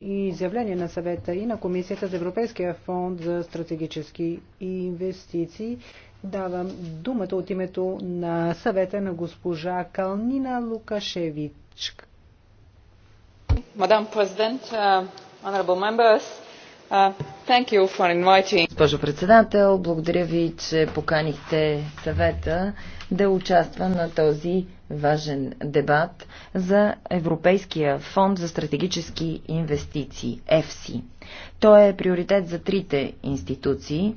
и изявление на съвета и на Комисията за Европейския фонд за стратегически инвестиции. Давам думата от името на съвета на госпожа Калнина Лукашевич. Мадам президент, uh, honorable members, uh, thank you for inviting. Госпожо председател, благодаря ви, че поканихте съвета да участва на този важен дебат за Европейския фонд за стратегически инвестиции, ЕФСИ. Той е приоритет за трите институции,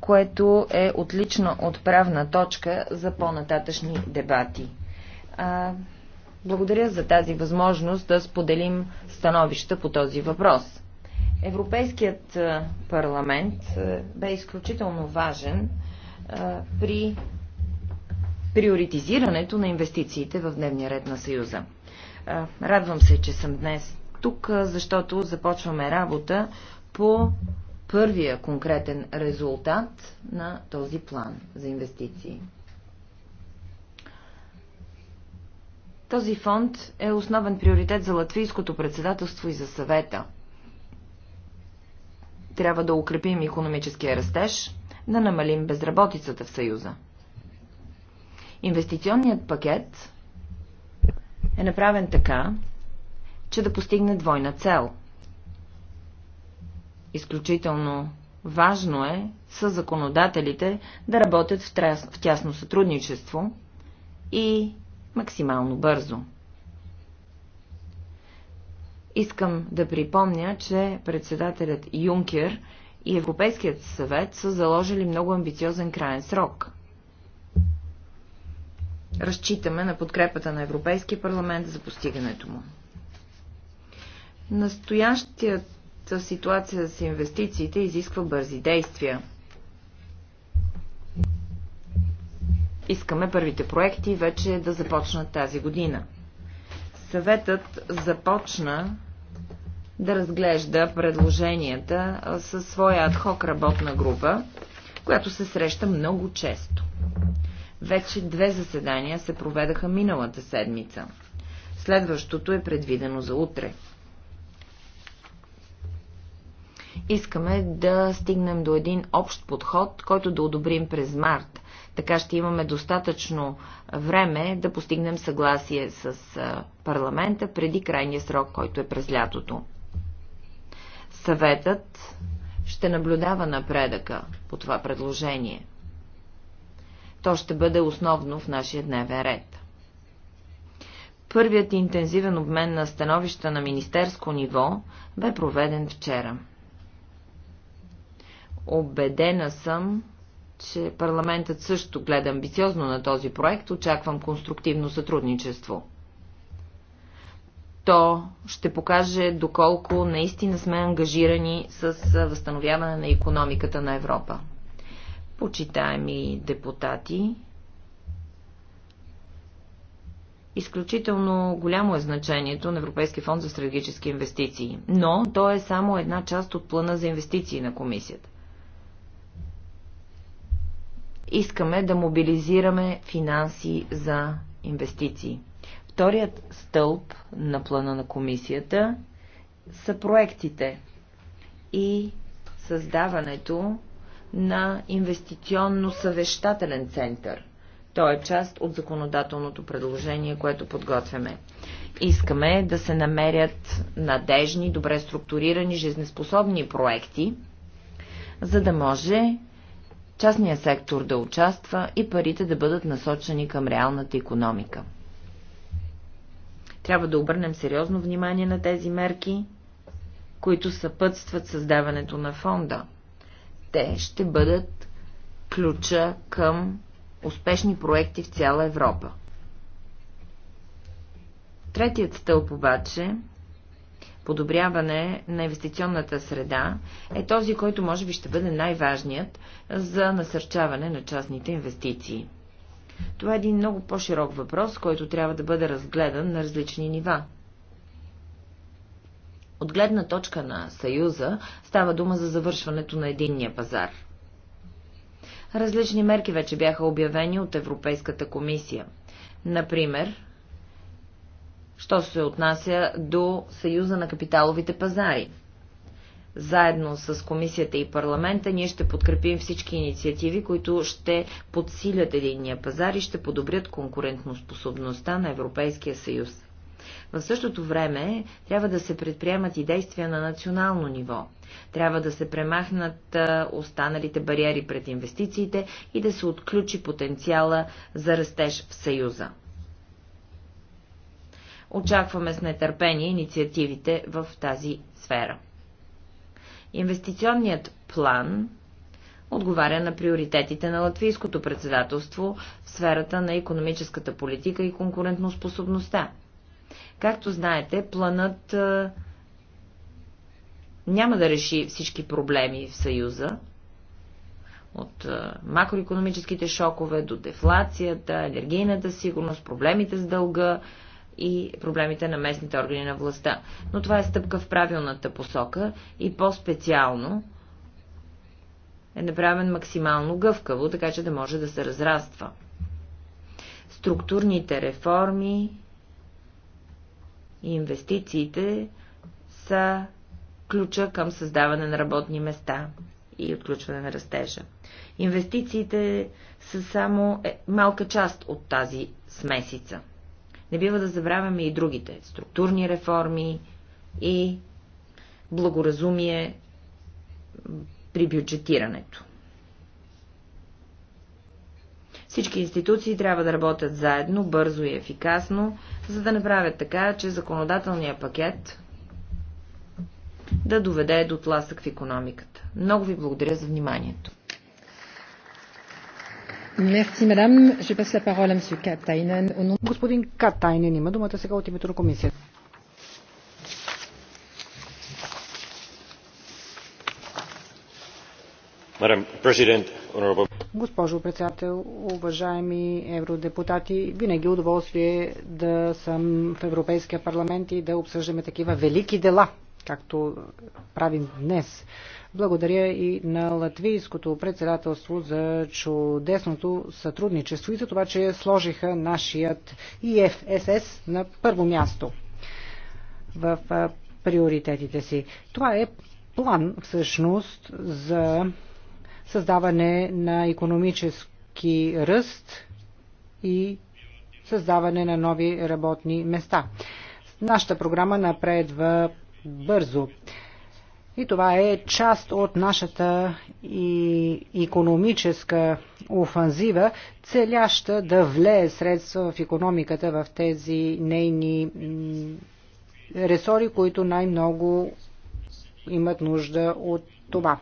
което е отлична отправна точка за по-нататъчни дебати. благодаря за тази възможност да споделим становища по този въпрос. Европейският парламент бе изключително важен при приоритизирането на инвестициите в дневния ред на Съюза. Радвам се, че съм днес тук, защото започваме работа по първия конкретен резултат на този план за инвестиции. Този фонд е основен приоритет за латвийското председателство и за съвета. Трябва да укрепим економическия растеж, да намалим безработицата в Съюза – Инвестиционният пакет е направен така, че да постигне двойна цел. Изключително важно е с законодателите да работят в, тясно сътрудничество и максимално бързо. Искам да припомня, че председателят Юнкер и Европейският съвет са заложили много амбициозен крайен срок. Разчитаме на подкрепата на Европейския парламент за постигането му. Настоящата ситуация с инвестициите изисква бързи действия. Искаме първите проекти вече да започнат тази година. Съветът започна да разглежда предложенията със своя адхок работна група, която се среща много често. Вече две заседания се проведаха миналата седмица. Следващото е предвидено за утре. Искаме да стигнем до един общ подход, който да одобрим през март. Така ще имаме достатъчно време да постигнем съгласие с парламента преди крайния срок, който е през лятото. Съветът ще наблюдава напредъка по това предложение – то ще бъде основно в нашия дневен ред. Първият интензивен обмен на становища на министерско ниво бе проведен вчера. Обедена съм, че парламентът също гледа амбициозно на този проект, очаквам конструктивно сътрудничество. То ще покаже доколко наистина сме ангажирани с възстановяване на економиката на Европа почитаеми депутати, Изключително голямо е значението на Европейския фонд за стратегически инвестиции, но то е само една част от плана за инвестиции на комисията. Искаме да мобилизираме финанси за инвестиции. Вторият стълб на плана на комисията са проектите и създаването на инвестиционно-съвещателен център. Той е част от законодателното предложение, което подготвяме. Искаме да се намерят надежни, добре структурирани, жизнеспособни проекти, за да може частния сектор да участва и парите да бъдат насочени към реалната економика. Трябва да обърнем сериозно внимание на тези мерки, които съпътстват създаването на фонда – те ще бъдат ключа към успешни проекти в цяла Европа. Третият стълб обаче, подобряване на инвестиционната среда, е този, който може би ще бъде най-важният за насърчаване на частните инвестиции. Това е един много по-широк въпрос, който трябва да бъде разгледан на различни нива. От гледна точка на Съюза става дума за завършването на единния пазар. Различни мерки вече бяха обявени от Европейската комисия. Например, що се отнася до Съюза на капиталовите пазари. Заедно с комисията и парламента ние ще подкрепим всички инициативи, които ще подсилят единния пазар и ще подобрят конкурентноспособността на Европейския съюз. В същото време трябва да се предприемат и действия на национално ниво. Трябва да се премахнат останалите бариери пред инвестициите и да се отключи потенциала за растеж в Съюза. Очакваме с нетърпение инициативите в тази сфера. Инвестиционният план отговаря на приоритетите на латвийското председателство в сферата на економическата политика и конкурентноспособността. Както знаете, планът няма да реши всички проблеми в Съюза, от макроекономическите шокове до дефлацията, енергийната сигурност, проблемите с дълга и проблемите на местните органи на властта. Но това е стъпка в правилната посока и по-специално е направен максимално гъвкаво, така че да може да се разраства. Структурните реформи Инвестициите са ключа към създаване на работни места и отключване на растежа. Инвестициите са само е, малка част от тази смесица. Не бива да забравяме и другите структурни реформи и благоразумие при бюджетирането. Всички институции трябва да работят заедно, бързо и ефикасно, за да не правят така, че законодателният пакет да доведе до тласък в економиката. Много ви благодаря за вниманието. Господин Катайнен има думата сега от името на комисията. Госпожо председател, уважаеми евродепутати, винаги удоволствие да съм в Европейския парламент и да обсъждаме такива велики дела, както правим днес. Благодаря и на латвийското председателство за чудесното сътрудничество и за това, че сложиха нашият ИФСС на първо място в приоритетите си. Това е план всъщност за създаване на економически ръст и създаване на нови работни места. Нашата програма напредва бързо. И това е част от нашата и економическа офанзива, целяща да влее средства в економиката в тези нейни ресори, които най-много имат нужда от това.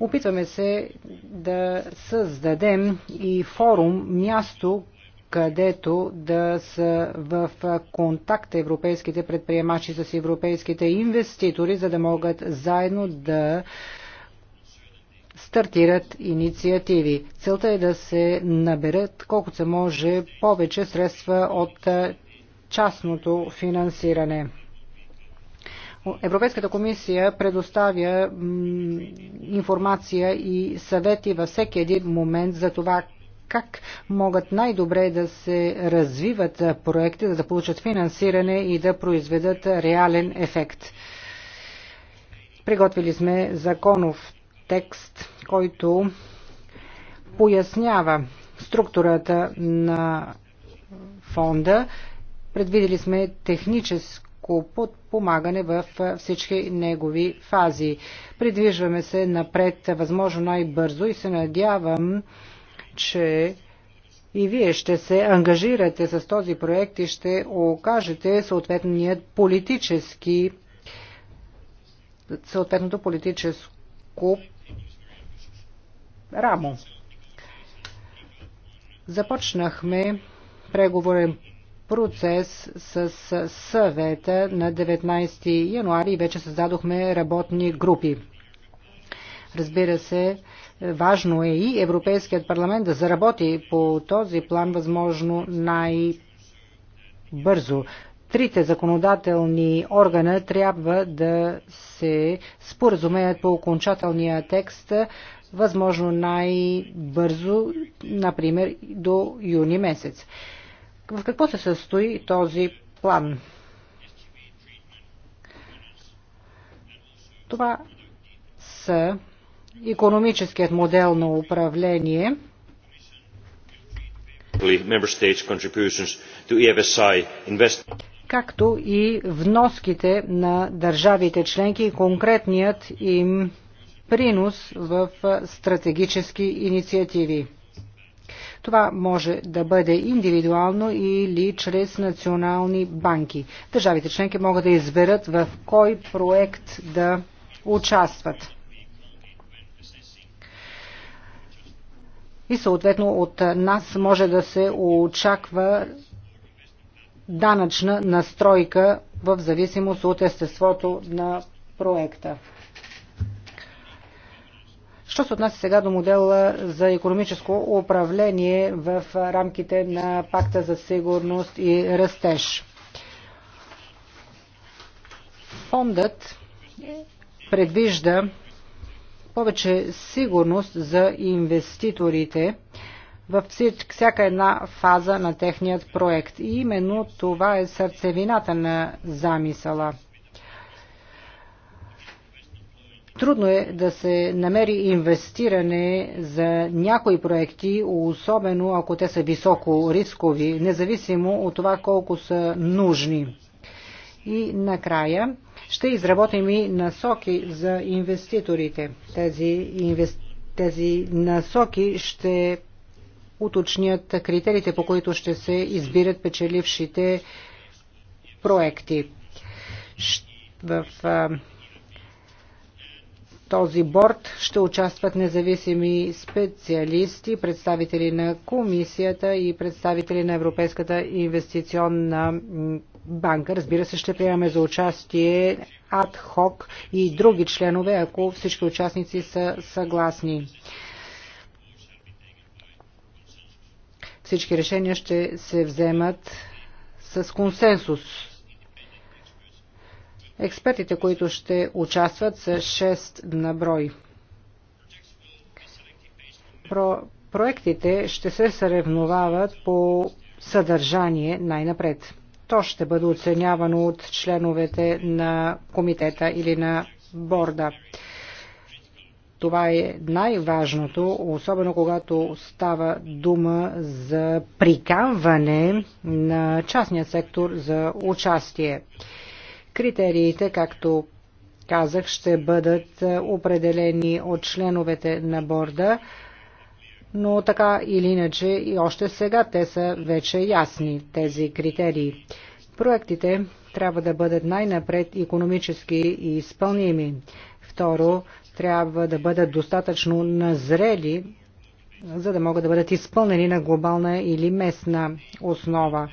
Опитваме се да създадем и форум, място, където да са в контакт европейските предприемачи с европейските инвеститори, за да могат заедно да стартират инициативи. Целта е да се наберат колкото се може повече средства от частното финансиране. Европейската комисия предоставя информация и съвети във всеки един момент за това как могат най-добре да се развиват проекти, да получат финансиране и да произведат реален ефект. Приготвили сме законов текст, който пояснява структурата на фонда. Предвидели сме технически пряко подпомагане в всички негови фази. Придвижваме се напред възможно най-бързо и се надявам, че и вие ще се ангажирате с този проект и ще окажете съответният политически съответното политическо рамо. Започнахме преговорен процес с съвета на 19 януари и вече създадохме работни групи. Разбира се, важно е и Европейският парламент да заработи по този план възможно най-бързо. Трите законодателни органа трябва да се споразумеят по окончателния текст възможно най-бързо, например до юни месец в какво се състои този план? Това са економическият модел на управление – e както и вноските на държавите членки и конкретният им принос в стратегически инициативи. Това може да бъде индивидуално или чрез национални банки. Държавите членки могат да изберат в кой проект да участват. И съответно от нас може да се очаква данъчна настройка в зависимост от естеството на проекта. Що се отнася сега до модела за економическо управление в рамките на пакта за сигурност и растеж? Фондът предвижда повече сигурност за инвеститорите във всяка една фаза на техният проект. И именно това е сърцевината на замисъла – Трудно е да се намери инвестиране за някои проекти, особено ако те са високо рискови, независимо от това колко са нужни. И накрая ще изработим и насоки за инвеститорите. Тези, инвес... тези насоки ще уточнят критериите, по които ще се избират печелившите проекти. В този борт ще участват независими специалисти, представители на комисията и представители на Европейската инвестиционна банка. Разбира се, ще приемаме за участие ад-хок и други членове, ако всички участници са съгласни. Всички решения ще се вземат с консенсус Експертите, които ще участват, са 6 на брой. Про проектите ще се съревновават по съдържание най-напред. То ще бъде оценявано от членовете на комитета или на борда. Това е най-важното, особено когато става дума за приканване на частния сектор за участие. Критериите, както казах, ще бъдат е, определени от членовете на борда, но така или иначе и още сега те са вече ясни тези критерии. Проектите трябва да бъдат най-напред економически и изпълними. Второ, трябва да бъдат достатъчно назрели, за да могат да бъдат изпълнени на глобална или местна основа.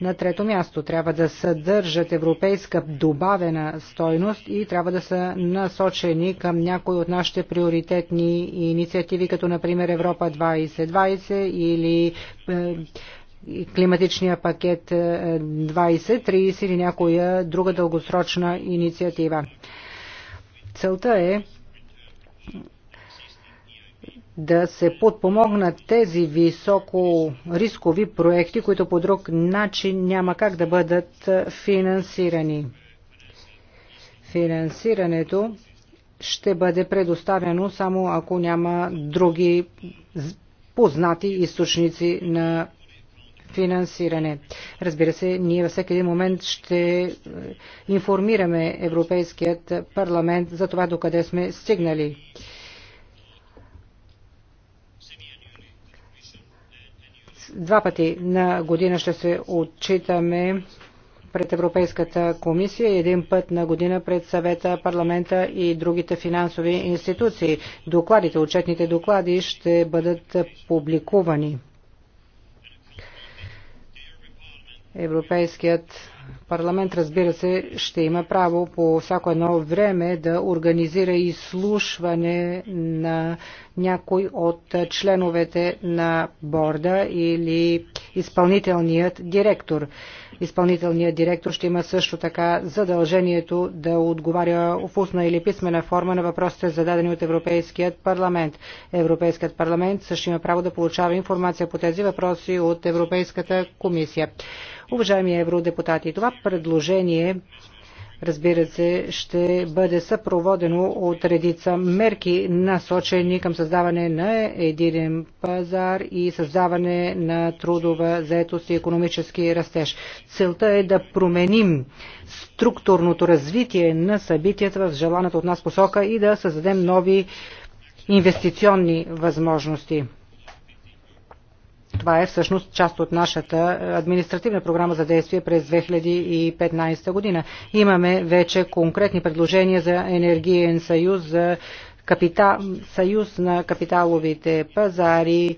На трето място трябва да съдържат европейска добавена стойност и трябва да са насочени към някои от нашите приоритетни инициативи, като например Европа 2020 или е, климатичния пакет 2030 е, или някоя друга дългосрочна инициатива. Целта е да се подпомогнат тези високо рискови проекти, които по друг начин няма как да бъдат финансирани. Финансирането ще бъде предоставено само ако няма други познати източници на финансиране. Разбира се, ние във всеки един момент ще информираме Европейският парламент за това докъде сме стигнали. Два пъти на година ще се отчитаме пред Европейската комисия, един път на година пред съвета, парламента и другите финансови институции. Докладите, отчетните доклади ще бъдат публикувани. Европейският парламент, разбира се, ще има право по всяко едно време да организира изслушване на някой от членовете на борда или изпълнителният директор. Изпълнителният директор ще има също така задължението да отговаря в устна или писмена форма на въпросите зададени от Европейският парламент. Европейският парламент също има право да получава информация по тези въпроси от Европейската комисия. Уважаеми евродепутати, това предложение разбира се, ще бъде съпроводено от редица мерки, насочени към създаване на единен пазар и създаване на трудова заетост и економически растеж. Целта е да променим структурното развитие на събитията в желаната от нас посока и да създадем нови инвестиционни възможности. Това е всъщност част от нашата административна програма за действие през 2015 година. Имаме вече конкретни предложения за енергиен съюз, за капита... съюз на капиталовите пазари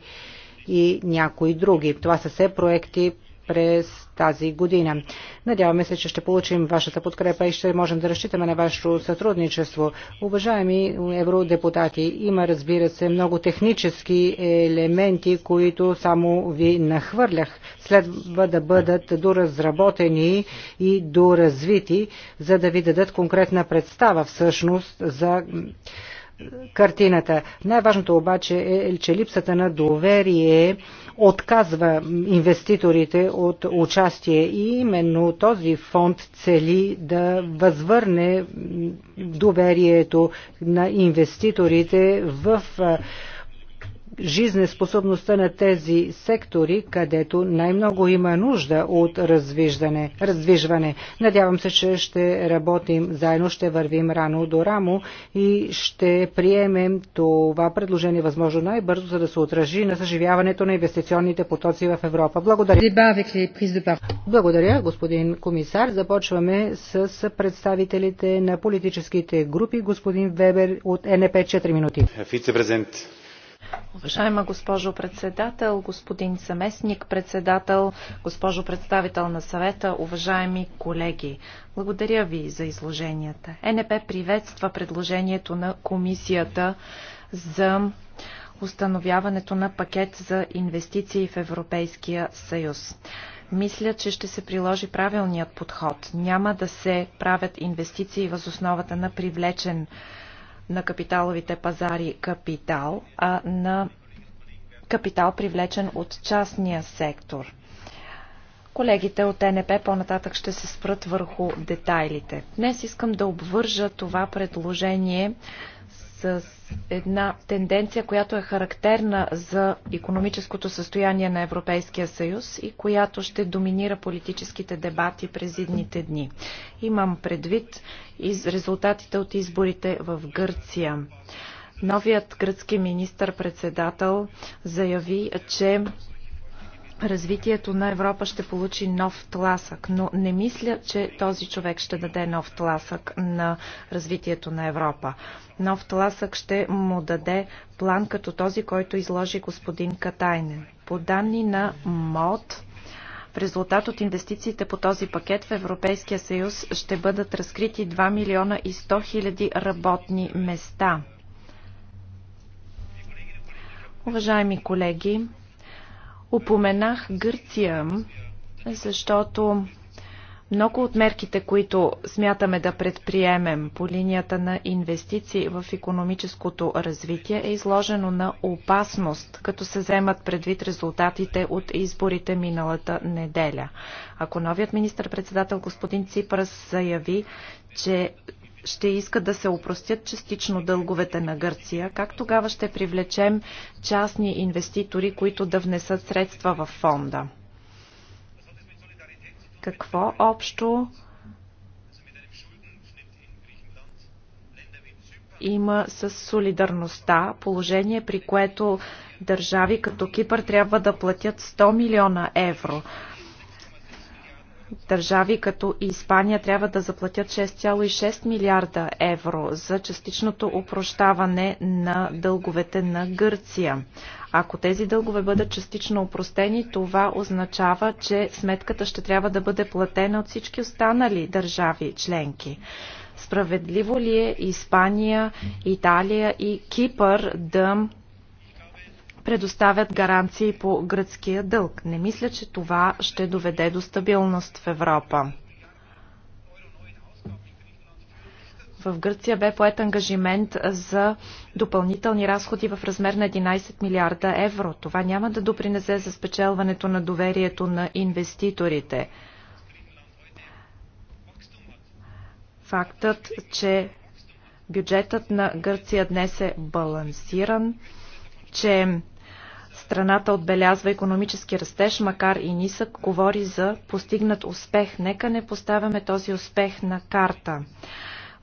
и някои други. Това са все проекти през тази година. Надяваме се, че ще получим вашата подкрепа и ще можем да разчитаме на вашето сътрудничество. Уважаеми евродепутати, има разбира се много технически елементи, които само ви нахвърлях. Следва да бъдат доразработени и доразвити, за да ви дадат конкретна представа всъщност за картината. Най-важното обаче е, е, че липсата на доверие отказва инвеститорите от участие и именно този фонд цели да възвърне доверието на инвеститорите в жизнеспособността на тези сектори, където най-много има нужда от развиждане, раздвижване. Надявам се, че ще работим заедно, ще вървим рано до рамо и ще приемем това предложение възможно най-бързо, за да се отражи на съживяването на инвестиционните потоци в Европа. Благодаря. Е Благодаря, господин комисар. Започваме с представителите на политическите групи. Господин Вебер от НП 4 минути. Вицепрезидент Уважаема госпожо председател, господин заместник председател, госпожо представител на съвета, уважаеми колеги, благодаря ви за изложенията. Е НП приветства предложението на комисията за установяването на пакет за инвестиции в Европейския съюз. Мисля, че ще се приложи правилният подход. Няма да се правят инвестиции въз основата на привлечен на капиталовите пазари капитал, а на капитал привлечен от частния сектор. Колегите от НП по-нататък ще се спрат върху детайлите. Днес искам да обвържа това предложение с една тенденция, която е характерна за економическото състояние на Европейския съюз и която ще доминира политическите дебати през идните дни. Имам предвид из резултатите от изборите в Гърция. Новият гръцки министър-председател заяви, че развитието на Европа ще получи нов тласък, но не мисля, че този човек ще даде нов тласък на развитието на Европа. Нов тласък ще му даде план като този, който изложи господин Катайнен. По данни на МОД, в резултат от инвестициите по този пакет в Европейския съюз ще бъдат разкрити 2 милиона и 100 хиляди работни места. Уважаеми колеги, Упоменах Гърция, защото много от мерките, които смятаме да предприемем по линията на инвестиции в економическото развитие, е изложено на опасност, като се вземат предвид резултатите от изборите миналата неделя. Ако новият министр-председател господин Ципрас заяви, че ще искат да се опростят частично дълговете на Гърция, как тогава ще привлечем частни инвеститори, които да внесат средства в фонда? Какво общо има с солидарността, положение при което държави като Кипър трябва да платят 100 милиона евро Държави като Испания трябва да заплатят 6,6 милиарда евро за частичното упрощаване на дълговете на Гърция. Ако тези дългове бъдат частично упростени, това означава, че сметката ще трябва да бъде платена от всички останали държави членки. Справедливо ли е Испания, Италия и Кипър да предоставят гаранции по гръцкия дълг. Не мисля, че това ще доведе до стабилност в Европа. В Гърция бе поет ангажимент за допълнителни разходи в размер на 11 милиарда евро. Това няма да допринесе за спечелването на доверието на инвеститорите. Фактът, че бюджетът на Гърция днес е балансиран, че Страната отбелязва економически растеж, макар и нисък, говори за постигнат успех. Нека не поставяме този успех на карта.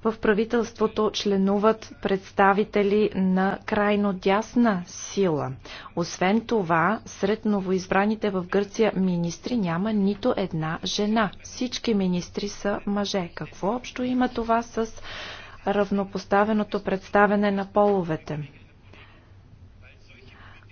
В правителството членуват представители на крайно дясна сила. Освен това, сред новоизбраните в Гърция министри няма нито една жена. Всички министри са мъже. Какво общо има това с равнопоставеното представене на половете?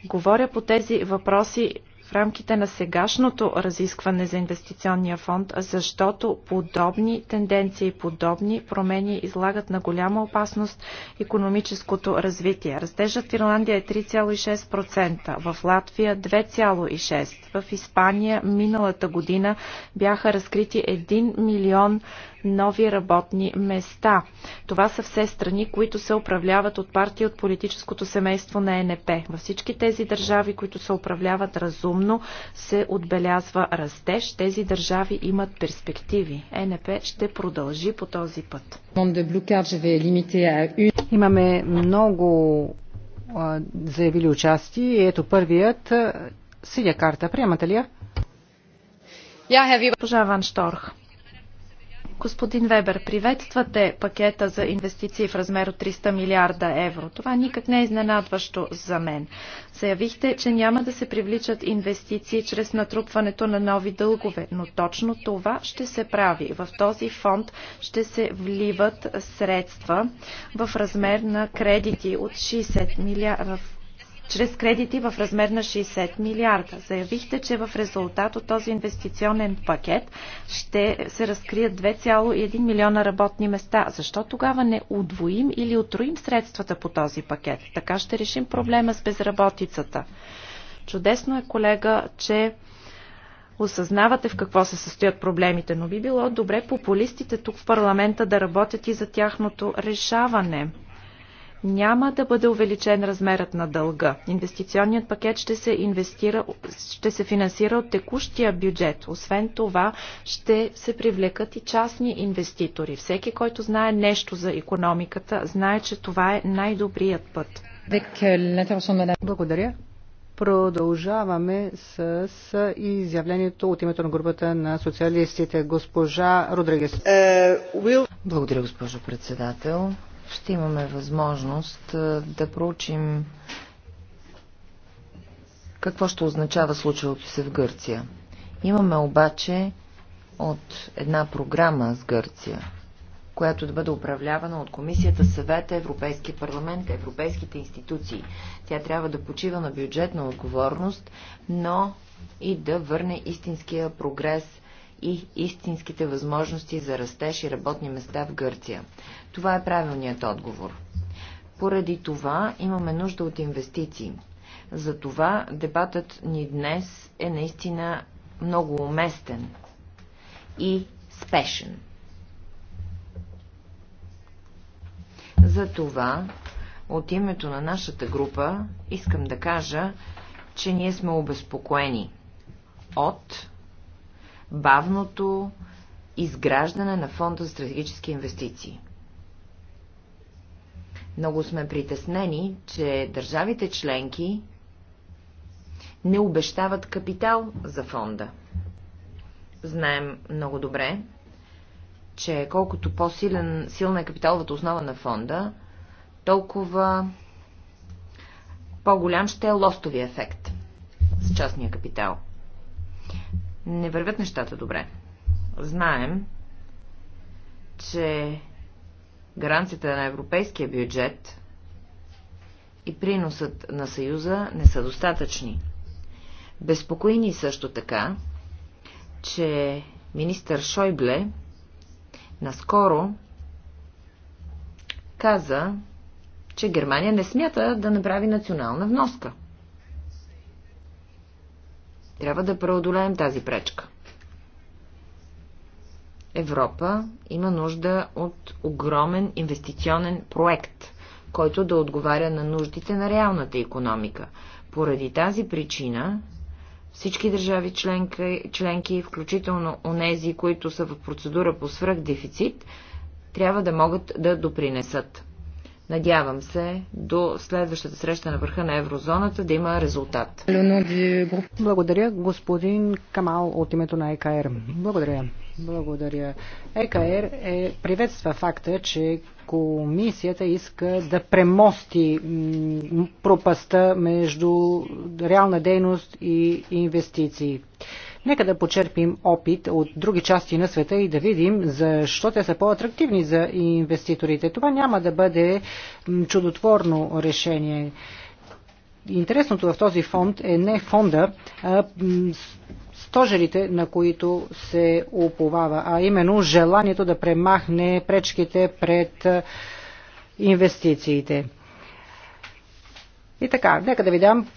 Говоря по тези въпроси в рамките на сегашното разискване за инвестиционния фонд, защото подобни тенденции, подобни промени излагат на голяма опасност економическото развитие. Растежът в Ирландия е 3,6%, в Латвия 2,6%, в Испания миналата година бяха разкрити 1 милион нови работни места. Това са все страни, които се управляват от партии от политическото семейство на ЕНП. Във всички тези държави, които се управляват разумно, се отбелязва растеж. Тези държави имат перспективи. ЕНП ще продължи по този път. Имаме много заявили участие. Ето първият Сидя карта. Приемате ли я? Я, Госпожа Ван Шторх. Господин Вебер, приветствате пакета за инвестиции в размер от 300 милиарда евро. Това никак не е изненадващо за мен. Заявихте, че няма да се привличат инвестиции чрез натрупването на нови дългове, но точно това ще се прави. В този фонд ще се вливат средства в размер на кредити от 60 милиарда чрез кредити в размер на 60 милиарда. Заявихте, че в резултат от този инвестиционен пакет ще се разкрият 2,1 милиона работни места. Защо тогава не удвоим или отруим средствата по този пакет? Така ще решим проблема с безработицата. Чудесно е, колега, че осъзнавате в какво се състоят проблемите, но би било добре популистите тук в парламента да работят и за тяхното решаване няма да бъде увеличен размерът на дълга. Инвестиционният пакет ще се, инвестира, ще се финансира от текущия бюджет. Освен това, ще се привлекат и частни инвеститори. Всеки, който знае нещо за економиката, знае, че това е най-добрият път. Е, Благодаря. Продължаваме с изявлението от името на групата на социалистите. Госпожа Родригес. Е, Благодаря, госпожо председател ще имаме възможност да проучим какво ще означава случилото се в Гърция. Имаме обаче от една програма с Гърция, която да бъде управлявана от Комисията, Съвета, Европейския парламент, европейските институции. Тя трябва да почива на бюджетна отговорност, но и да върне истинския прогрес и истинските възможности за растеж и работни места в Гърция? Това е правилният отговор. Поради това имаме нужда от инвестиции. Затова дебатът ни днес е наистина много уместен и спешен. Затова от името на нашата група искам да кажа, че ние сме обезпокоени от бавното изграждане на фонда за стратегически инвестиции. Много сме притеснени, че държавите членки не обещават капитал за фонда. Знаем много добре, че колкото по-силна силна е капиталовата основа на фонда, толкова по-голям ще е лостовия ефект с частния капитал не вървят нещата добре. Знаем, че гаранцията на европейския бюджет и приносът на Съюза не са достатъчни. Безпокоени също така, че министър Шойбле наскоро каза, че Германия не смята да направи национална вноска – трябва да преодолеем тази пречка. Европа има нужда от огромен инвестиционен проект, който да отговаря на нуждите на реалната економика. Поради тази причина всички държави членки, членки включително онези, които са в процедура по свръхдефицит, трябва да могат да допринесат. Надявам се до следващата среща на върха на еврозоната да има резултат. Благодаря, господин Камал от името на ЕКР. Благодаря. Благодаря. ЕКР е, приветства факта, че комисията иска да премости пропаста между реална дейност и инвестиции. Нека да почерпим опит от други части на света и да видим защо те са по-атрактивни за инвеститорите. Това няма да бъде чудотворно решение. Интересното в този фонд е не фонда, а стожерите, на които се уповава, а именно желанието да премахне пречките пред инвестициите. И така, нека да ви дам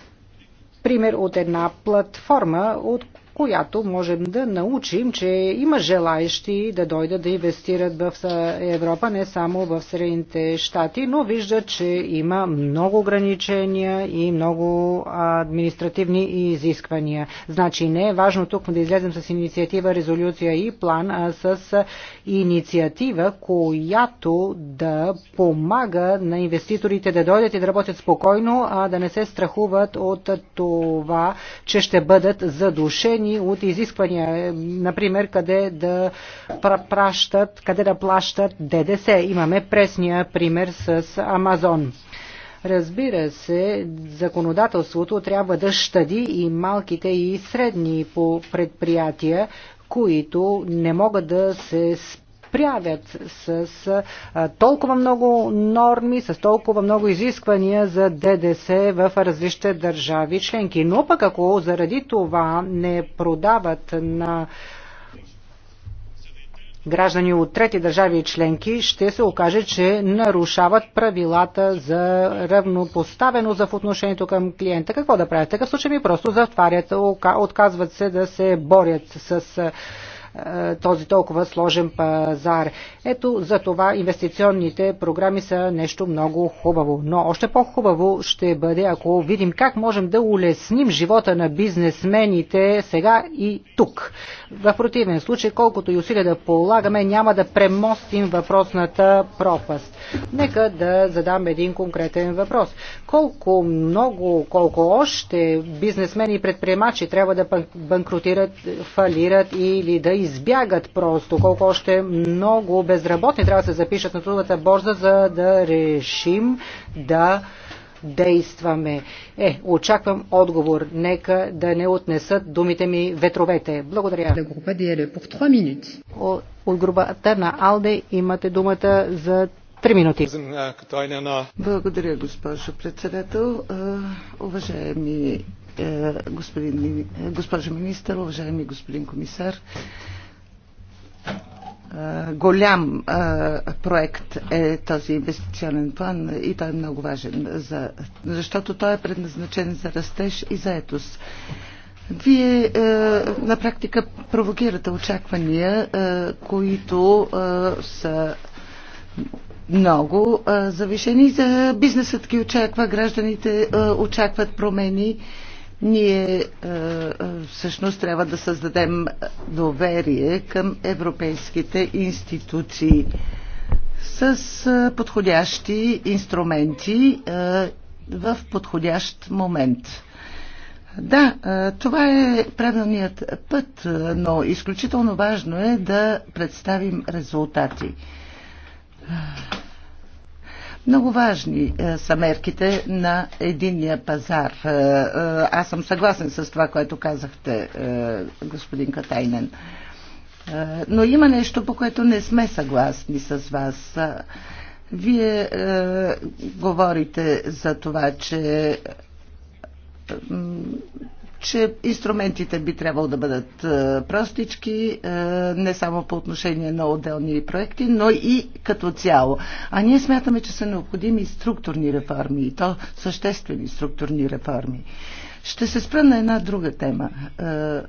пример от една платформа, от която можем да научим, че има желаещи да дойдат да инвестират в Европа, не само в Средните щати, но виждат, че има много ограничения и много административни изисквания. Значи не е важно тук да излезем с инициатива, резолюция и план, а с инициатива, която да помага на инвеститорите да дойдат и да работят спокойно, а да не се страхуват от това, че ще бъдат задушени освободени от изисквания, например, къде да пращат, къде да плащат ДДС. Имаме пресния пример с Амазон. Разбира се, законодателството трябва да щади и малките и средни по предприятия, които не могат да се справят справят с толкова много норми, с толкова много изисквания за ДДС в различните държави членки. Но пък ако заради това не продават на граждани от трети държави и членки ще се окаже, че нарушават правилата за равнопоставеност в отношението към клиента. Какво да правят? Такъв случай ми просто затварят, отказват се да се борят с е, този толкова сложен пазар. Ето за това инвестиционните програми са нещо много хубаво. Но още по-хубаво ще бъде, ако видим как можем да улесним живота на бизнесмените сега и тук. В противен случай, колкото и усилия да полагаме, няма да премостим въпросната пропаст. Нека да задам един конкретен въпрос. Колко много, колко още бизнесмени и предприемачи трябва да банкротират, фалират или да избягат просто? Колко още много безработни трябва да се запишат на трудовата борза, за да решим да действаме? Е, очаквам отговор. Нека да не отнесат думите ми ветровете. Благодаря. От, групата на Алде имате думата за 3 минути. Благодаря, госпожо председател. Е, уважаеми е, господин, е, госпожо министър, уважаеми господин комисар голям проект е този инвестиционен план и той е много важен, за, защото той е предназначен за растеж и заетост. Вие на практика провокирате очаквания, които са много завишени за бизнесът ги очаква, гражданите очакват промени. Ние е, е, всъщност трябва да създадем доверие към европейските институции с е, подходящи инструменти в подходящ момент. Да, това е правилният път, но изключително важно е да представим резултати. Много важни е, са мерките на единния пазар. Е, е, аз съм съгласен с това, което казахте, господин Катайнен. Но има нещо, по което не сме съгласни с вас. Вие е, говорите за това, че че инструментите би трябвало да бъдат е, простички, е, не само по отношение на отделни проекти, но и като цяло. А ние смятаме, че са необходими структурни реформи и то съществени структурни реформи. Ще се спра на една друга тема. Е,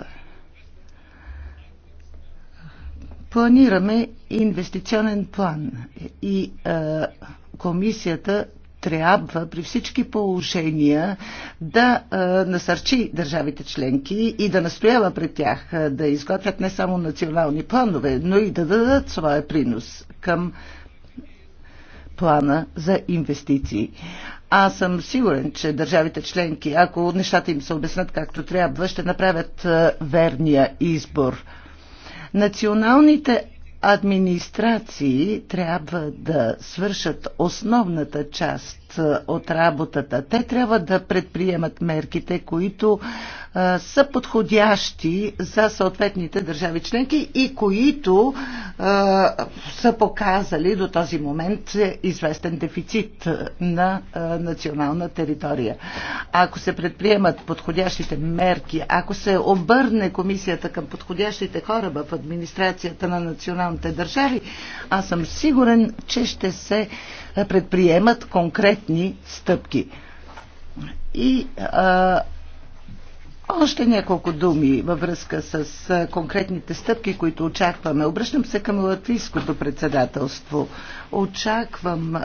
планираме инвестиционен план и комисията трябва при всички положения да а, насърчи държавите членки и да настоява пред тях а, да изготвят не само национални планове, но и да дадат своя принос към плана за инвестиции. Аз съм сигурен, че държавите членки, ако нещата им се обяснат както трябва, ще направят верния избор. Националните администрации трябва да свършат основната част от работата. Те трябва да предприемат мерките, които са подходящи за съответните държави членки и които са показали до този момент известен дефицит на национална територия. Ако се предприемат подходящите мерки, ако се обърне комисията към подходящите хора в администрацията на националните държави, аз съм сигурен, че ще се предприемат конкретни стъпки. И а, още няколко думи във връзка с конкретните стъпки, които очакваме. Обръщам се към латвийското председателство. Очаквам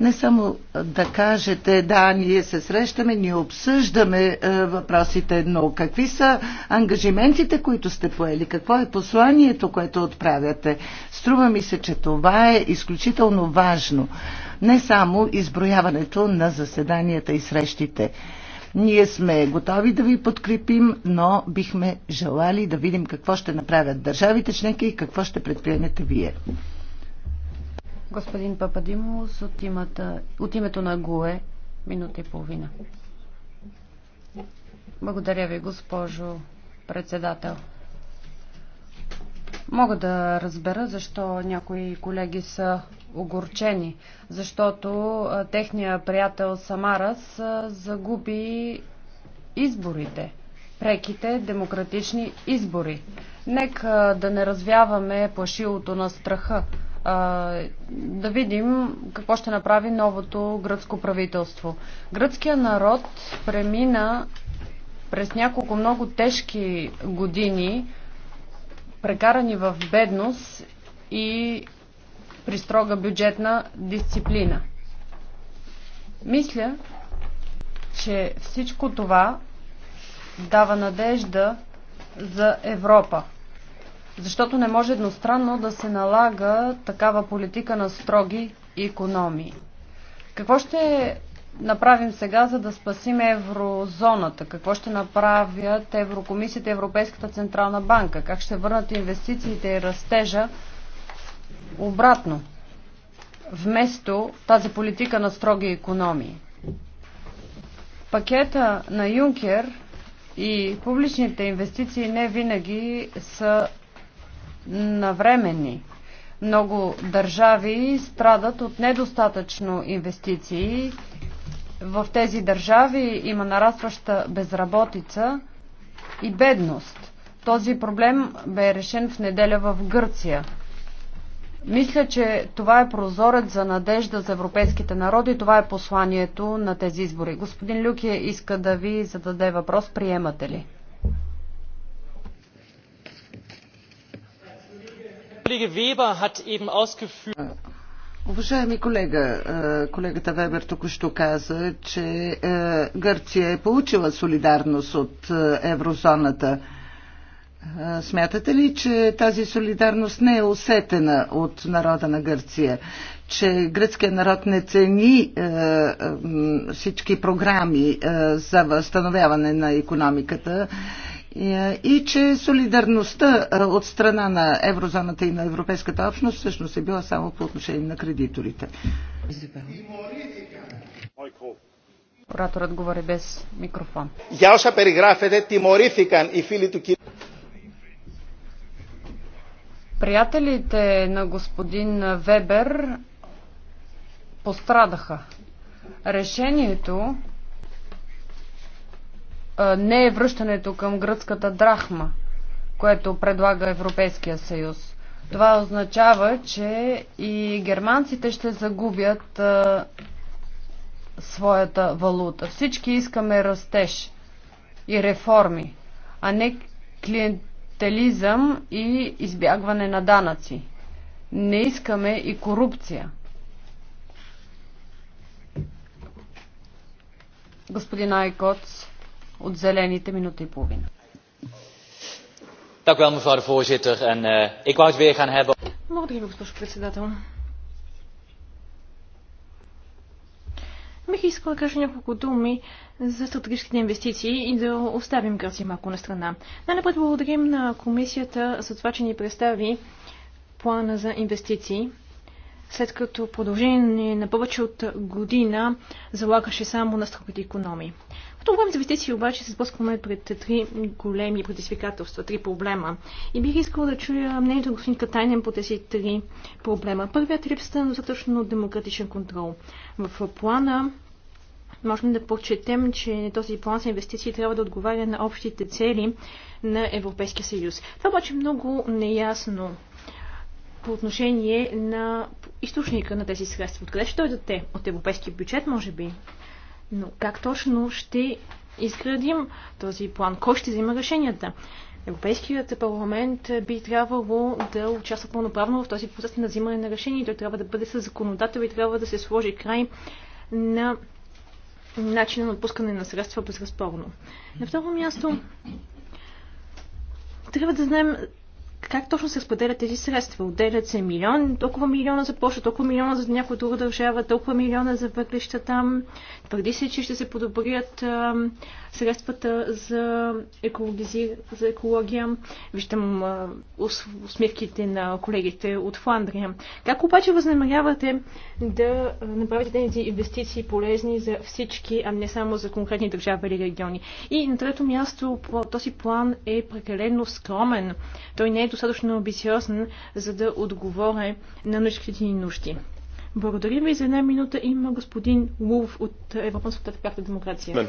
не само да кажете, да, ние се срещаме, ние обсъждаме е, въпросите, но какви са ангажиментите, които сте поели, какво е посланието, което отправяте. Струва ми се, че това е изключително важно. Не само изброяването на заседанията и срещите. Ние сме готови да ви подкрепим, но бихме желали да видим какво ще направят държавите членки и какво ще предприемете вие. Господин Пападимов, от, имата, от името на ГУЕ, минута и половина. Благодаря ви, госпожо председател. Мога да разбера защо някои колеги са огорчени, защото техният приятел Самарас загуби изборите, преките демократични избори. Нека да не развяваме плашилото на страха. Да видим какво ще направи новото гръцко правителство. Гръцкият народ премина през няколко много тежки години, прекарани в бедност и при строга бюджетна дисциплина. Мисля, че всичко това дава надежда за Европа. Защото не може едностранно да се налага такава политика на строги економии. Какво ще направим сега, за да спасим еврозоната? Какво ще направят Еврокомисията и Европейската Централна банка? Как ще върнат инвестициите и растежа обратно. Вместо тази политика на строги економии. Пакета на Юнкер и публичните инвестиции не винаги са навременни. Много държави страдат от недостатъчно инвестиции. В тези държави има нарастваща безработица и бедност. Този проблем бе решен в неделя в Гърция. Мисля, че това е прозорец за надежда за европейските народи. Това е посланието на тези избори. Господин Люки е иска да ви зададе въпрос. Приемате ли? Е, уважаеми колега, е, колегата Вебер току-що каза, че Гърция е получила солидарност от еврозоната. Смятате ли, че тази солидарност не е усетена от народа на Гърция? Че гръцкият народ не цени е, е, всички програми е, за възстановяване на економиката е, и че солидарността е, от страна на еврозоната и на Европейската общност всъщност е била само по отношение на кредиторите. Ораторът говори без микрофон. Я όσα περιγράφεται, τιμωρήθηκαν οι φίλοι Приятелите на господин Вебер пострадаха. Решението не е връщането към гръцката драхма, което предлага Европейския съюз. Това означава, че и германците ще загубят а, своята валута. Всички искаме растеж и реформи, а не клиент капитализъм и избягване на данъци. Не искаме и корупция. Господин Айкоц от Зелените минута и половина. Благодаря, ви, госпожо председател. Бих искала да кажа няколко думи за стратегическите инвестиции и да оставим Гърция малко на страна. Най-напред благодарим на комисията за това, че ни представи плана за инвестиции, след като продължение на повече от година залагаше само на строгите економии. Това говорим за инвестиции обаче се сблъскваме пред три големи предизвикателства, три проблема. И бих искала да чуя мнението на господин Катайнен по тези три проблема. Първият е липсата на достатъчно демократичен контрол. В плана можем да прочетем, че този план за инвестиции трябва да отговаря на общите цели на Европейския съюз. Това обаче е много неясно по отношение на източника на тези средства. Откъде ще дойдат те? От европейския бюджет, може би? Но как точно ще изградим този план? Кой ще взима решенията? Европейският парламент би трябвало да участва пълноправно в този процес на взимане на решение. Той трябва да бъде със законодател и трябва да се сложи край на начина на отпускане на средства безразпорно. На второ място, трябва да знаем как точно се споделят тези средства? Отделят се милион, толкова милиона за Польша, толкова милиона за някоя друга държава, толкова милиона за въглища там. Твърди се, че ще се подобрят а, средствата за, екологизи... за екология. Виждам усмивките на колегите от Фландрия. Как обаче възнамерявате да направите тези инвестиции полезни за всички, а не само за конкретни държави или региони? И на трето място, този план е прекалено скромен. Той не е достатъчно амбициозен, за да отговоря на нуждите ни нужди. Благодарим ви за една минута. Има господин Лув от Европейската демокрация.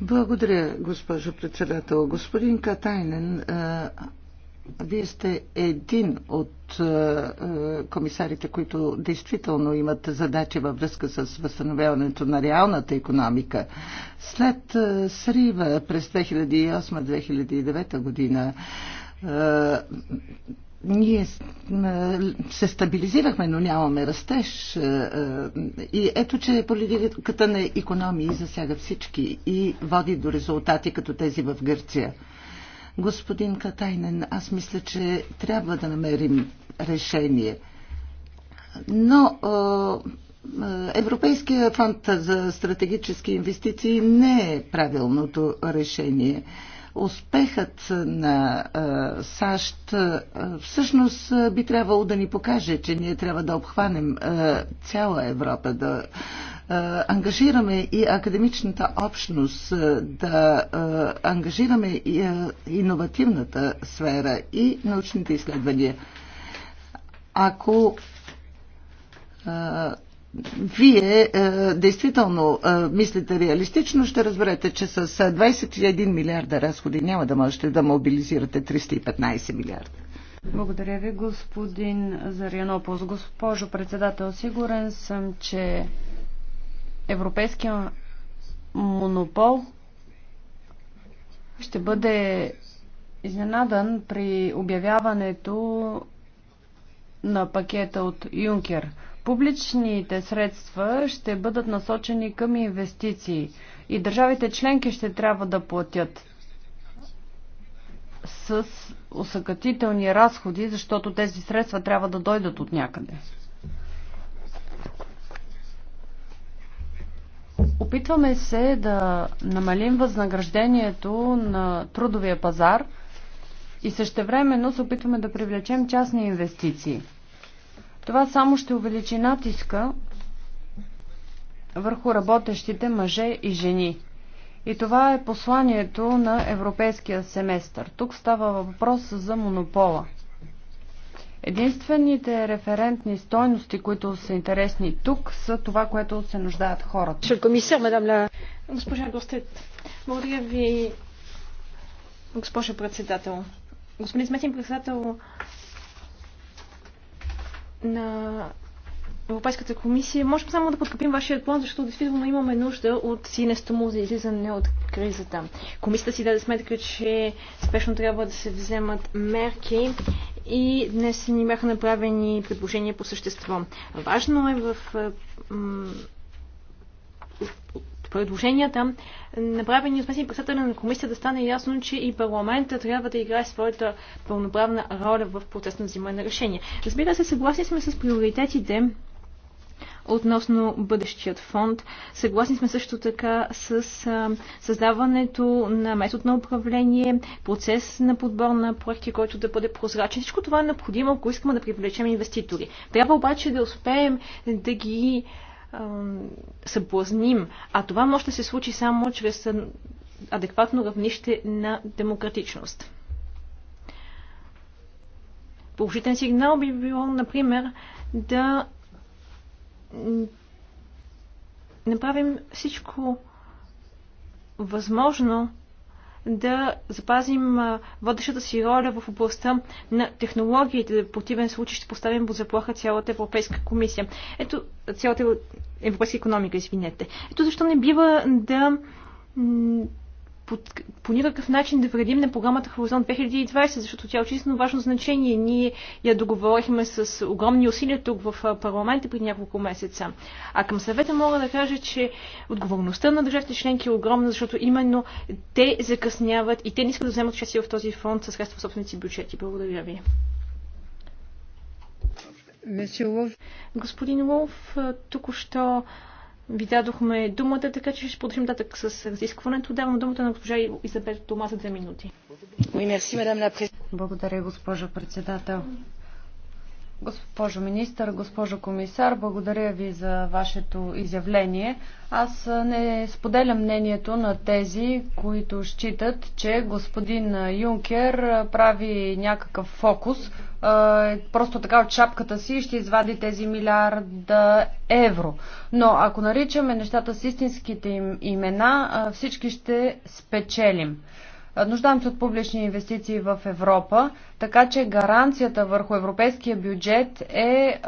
Благодаря, госпожо председател. Господин Катайнен, вие сте един от комисарите, които действително имат задачи във връзка с възстановяването на реалната економика. След срива през 2008-2009 година ние се стабилизирахме, но нямаме растеж. Е, е, и ето, че политиката на економии засяга всички и води до резултати като тези в Гърция. Господин Катайнен, аз мисля, че трябва да намерим решение. Но е, Европейския фонд за стратегически инвестиции не е правилното решение. Успехът на САЩ всъщност би трябвало да ни покаже, че ние трябва да обхванем цяла Европа, да ангажираме и академичната общност, да ангажираме и иновативната сфера и научните изследвания. Ако вие е, действително е, мислите реалистично, ще разберете, че с 21 е, милиарда разходи няма да можете да мобилизирате 315 милиарда. Благодаря ви, господин Зарянопос. Госпожо председател, сигурен съм, че европейския монопол ще бъде изненадан при обявяването на пакета от Юнкер – Публичните средства ще бъдат насочени към инвестиции и държавите членки ще трябва да платят с усъкътителни разходи, защото тези средства трябва да дойдат от някъде. Опитваме се да намалим възнаграждението на трудовия пазар и същевременно се опитваме да привлечем частни инвестиции – това само ще увеличи натиска върху работещите мъже и жени. И това е посланието на европейския семестър. Тук става въпрос за монопола. Единствените референтни стойности, които са интересни тук, са това, което се нуждаят хората. Комисар, мадам ла... Госпожа Гостет, благодаря ви, госпожа председател. Господин Сметин председател, на Европейската комисия, можем само да подкрепим вашия план, защото действително имаме нужда от синеста му за излизане от кризата. Комисията си даде сметка, че спешно трябва да се вземат мерки и днес ни бяха направени предложения по същество. Важно е в предложенията, направени от местния председател на комисията, да стане ясно, че и парламента трябва да играе своята пълноправна роля в процес на взимане на решения. Разбира се, съгласни сме с приоритетите, относно бъдещият фонд. Съгласни сме също така с създаването на метод на управление, процес на подбор на проекти, който да бъде прозрачен. Всичко това е необходимо, ако искаме да привлечем инвеститори. Трябва обаче да успеем да ги съблазним. А това може да се случи само чрез адекватно равнище на демократичност. Положителен сигнал би било, например, да направим всичко възможно да запазим водещата си роля в областта на технологиите. В противен случай ще поставим под заплаха цялата Европейска комисия. Ето, цялата европейска економика, извинете. Ето защо не бива да под, по никакъв начин да вредим на програмата Хоризонт 2020, защото тя е очистено важно значение. Ние я договорихме с огромни усилия тук в парламента преди няколко месеца. А към съвета мога да кажа, че отговорността на държавите членки е огромна, защото именно те закъсняват и те не искат да вземат участие в този фонд със средства в собственици бюджети. Благодаря ви. Господин Лов, тук що ви дадохме думата, така че ще продължим датък с разискването. Давам думата на госпожа Изабел Тома за две минути. Благодаря, госпожо председател. Госпожо министър, госпожо комисар, благодаря ви за вашето изявление. Аз не споделям мнението на тези, които считат, че господин Юнкер прави някакъв фокус. Просто така от шапката си ще извади тези милиарда евро. Но ако наричаме нещата с истинските им имена, всички ще спечелим. Нуждаем се от публични инвестиции в Европа, така че гаранцията върху европейския бюджет е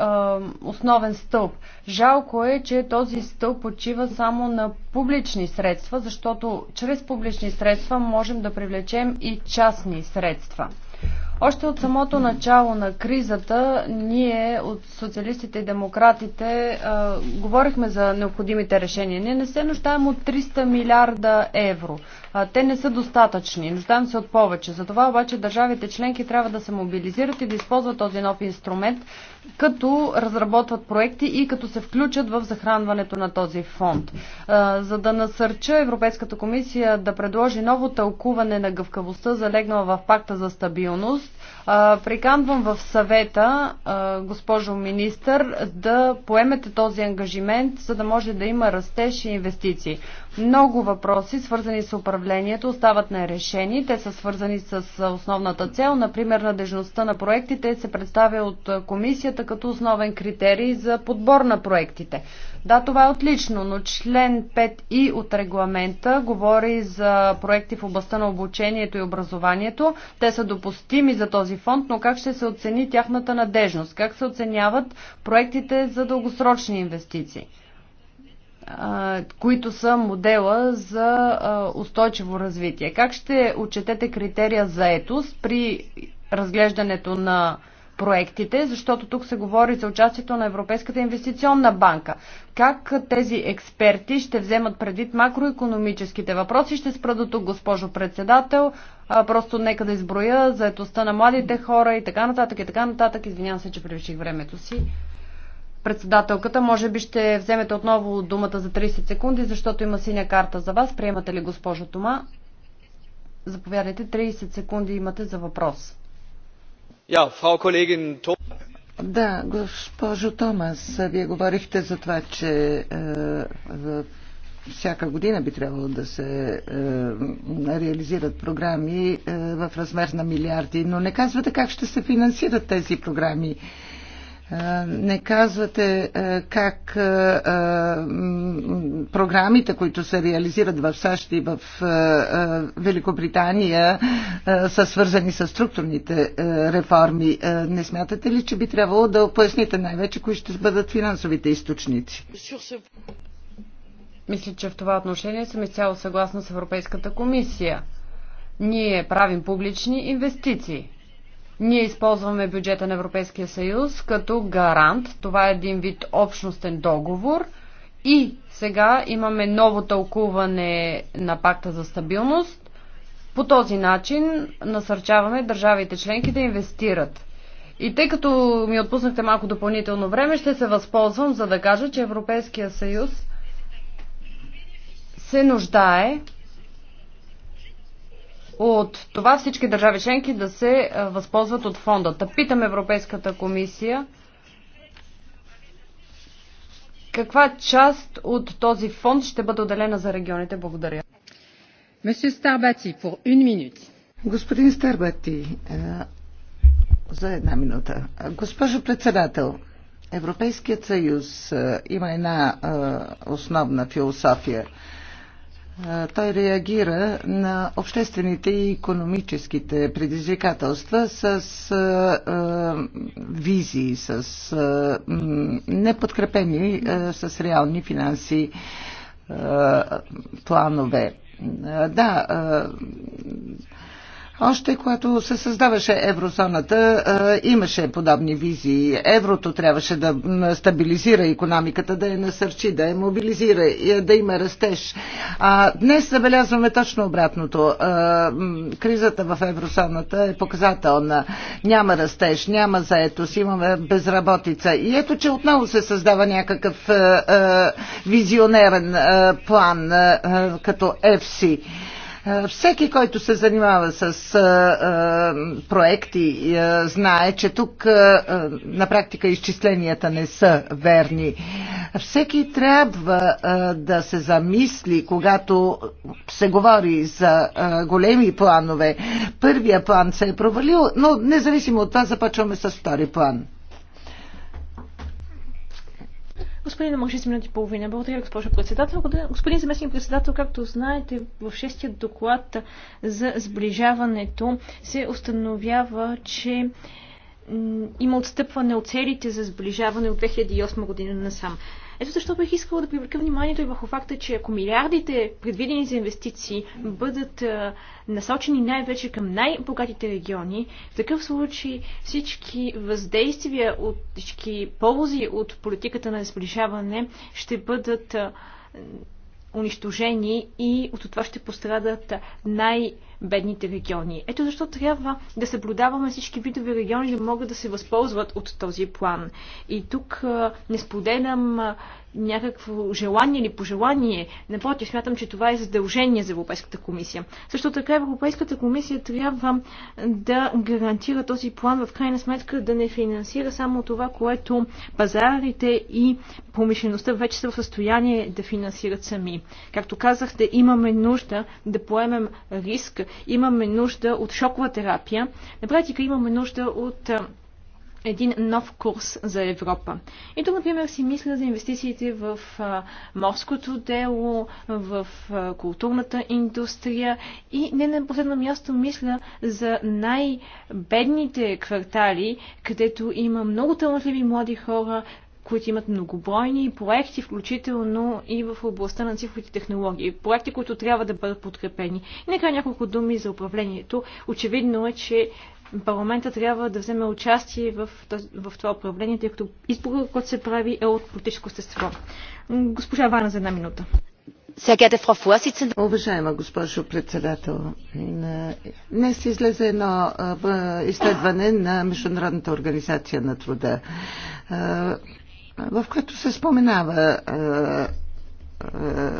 основен стълб. Жалко е, че този стълб почива само на публични средства, защото чрез публични средства можем да привлечем и частни средства. Още от самото начало на кризата ние от социалистите и демократите а, говорихме за необходимите решения. Ние не се нуждаем от 300 милиарда евро. А, те не са достатъчни. Нуждаем се от повече. Затова обаче държавите членки трябва да се мобилизират и да използват този нов инструмент, като разработват проекти и като се включат в захранването на този фонд. А, за да насърча Европейската комисия да предложи ново тълкуване на гъвкавостта, залегнала в пакта за стабилност, а, Приканвам в съвета, госпожо министър, да поемете този ангажимент, за да може да има растеж и инвестиции. Много въпроси, свързани с управлението, остават нерешени. Те са свързани с основната цел. Например, надежността на проектите се представя от комисията като основен критерий за подбор на проектите. Да, това е отлично, но член 5и от регламента говори за проекти в областта на обучението и образованието. Те са допустими за този фонд, но как ще се оцени тяхната надежност? Как се оценяват проектите за дългосрочни инвестиции? които са модела за устойчиво развитие. Как ще отчетете критерия за етост при разглеждането на проектите, защото тук се говори за участието на Европейската инвестиционна банка. Как тези експерти ще вземат предвид макроекономическите въпроси? Ще спра до тук, госпожо председател. А, просто нека да изброя заетостта на младите хора и така нататък и така нататък. Извинявам се, че превиших времето си. Председателката, може би ще вземете отново думата за 30 секунди, защото има синя карта за вас. Приемате ли госпожо Тома? Заповядайте, 30 секунди имате за въпрос. Ja, Frau Kollegin да, госпожо Томас, вие говорихте за това, че е, всяка година би трябвало да се е, реализират програми е, в размер на милиарди, но не казвате как ще се финансират тези програми. Е, не казвате е, как е, програмите, които се реализират в САЩ и в Великобритания, са свързани с структурните реформи. Не смятате ли, че би трябвало да поясните най-вече кои ще бъдат финансовите източници? Мисля, че в това отношение съм изцяло съгласна с Европейската комисия. Ние правим публични инвестиции ние използваме бюджета на Европейския съюз като гарант. Това е един вид общностен договор. И сега имаме ново тълкуване на пакта за стабилност. По този начин насърчаваме държавите членки да инвестират. И тъй като ми отпуснахте малко допълнително време, ще се възползвам, за да кажа, че Европейския съюз се нуждае от това всички държави членки да се е, възползват от фонда. Та питам Европейската комисия каква част от този фонд ще бъде отделена за регионите. Благодаря. Старбати, Господин Старбати, е, за една минута. Госпожо председател, Европейският съюз е, има една основна философия – той реагира на обществените и економическите предизвикателства с визии, с неподкрепени с реални финанси планове. Да, още когато се създаваше еврозоната, имаше подобни визии. Еврото трябваше да стабилизира економиката, да я насърчи, да я мобилизира, да има растеж. А днес забелязваме точно обратното. Кризата в еврозоната е показателна. Няма растеж, няма заетост, имаме безработица. И ето, че отново се създава някакъв визионерен план като ЕФСИ. Е, всеки, който се занимава с е, е, проекти, знае, че тук на практика изчисленията не са верни. Всеки трябва да се замисли, когато се говори за големи планове. Първия план се е провалил, но независимо от това започваме с втори план. Господин, може 6 минути и половина. Благодаря, госпожо председател. Господин заместник председател, както знаете, в шестия доклад за сближаването се установява, че има отстъпване от целите за сближаване от 2008 година насам. Ето защо бих искала да привлека вниманието и върху факта, че ако милиардите предвидени за инвестиции бъдат насочени най-вече към най-богатите региони, в такъв случай всички въздействия от всички ползи от политиката на сближаване ще бъдат унищожени и от това ще пострадат най- бедните региони. Ето защо трябва да съблюдаваме всички видове региони да могат да се възползват от този план. И тук не споделям някакво желание или пожелание. Напротив, смятам, че това е задължение за Европейската комисия. Също така Европейската комисия трябва да гарантира този план в крайна сметка да не финансира само това, което пазарите и промишлеността вече са в състояние да финансират сами. Както казахте, имаме нужда да поемем риск, имаме нужда от шокова терапия. На практика имаме нужда от един нов курс за Европа. И тук, например, си мисля за инвестициите в морското дело, в културната индустрия и не на последно място мисля за най-бедните квартали, където има много талантливи млади хора, които имат многобройни проекти, включително и в областта на цифровите технологии. Проекти, които трябва да бъдат подкрепени. нека няколко думи за управлението. Очевидно е, че парламента трябва да вземе участие в, в това управление, тъй като изборът, който се прави, е от политическо естество. Госпожа Вана за една минута. Уважаема госпожо председател, днес излезе едно изследване на Международната организация на труда, в което се споменава е,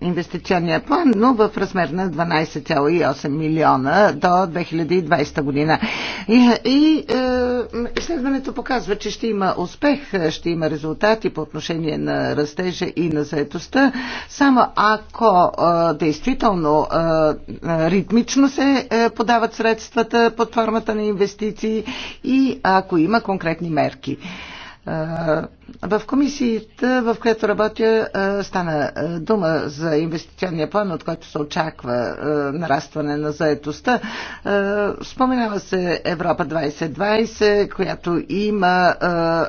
инвестиционния план, но в размер на 12,8 милиона до 2020 година. И, и е, изследването показва, че ще има успех, ще има резултати по отношение на растежа и на заетостта, само ако е, действително е, ритмично се е, подават средствата под формата на инвестиции и ако има конкретни мерки е, в комисията, в която работя, стана дума за инвестиционния план, от който се очаква нарастване на заетостта. Споменава се Европа 2020, която има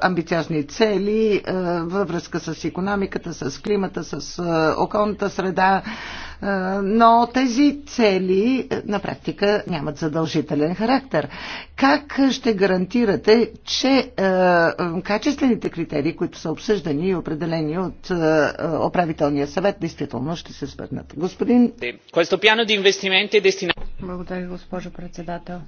амбициозни цели във връзка с економиката, с климата, с околната среда, но тези цели на практика нямат задължителен характер. Как ще гарантирате, че качествените критерии, които са обсъждани и определени от е, е, управителния съвет, действително ще се сбъднат. Господин... Благодаря, госпожо председател.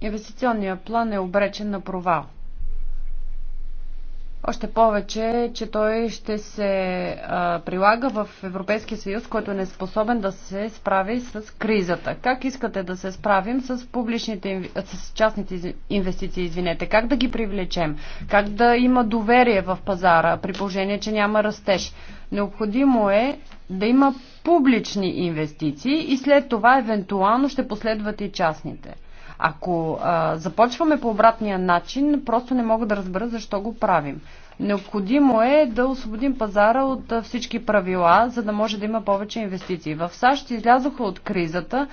Инвестиционният план е обречен на провал. Още повече, че той ще се а, прилага в Европейския съюз, който не е способен да се справи с кризата. Как искате да се справим с, публичните, с частните инвестиции, извинете? Как да ги привлечем? Как да има доверие в пазара, при положение, че няма растеж? Необходимо е да има публични инвестиции и след това евентуално ще последват и частните. Ако а, започваме по обратния начин, просто не мога да разбера защо го правим. Необходимо е да освободим пазара от всички правила, за да може да има повече инвестиции. В САЩ излязоха от кризата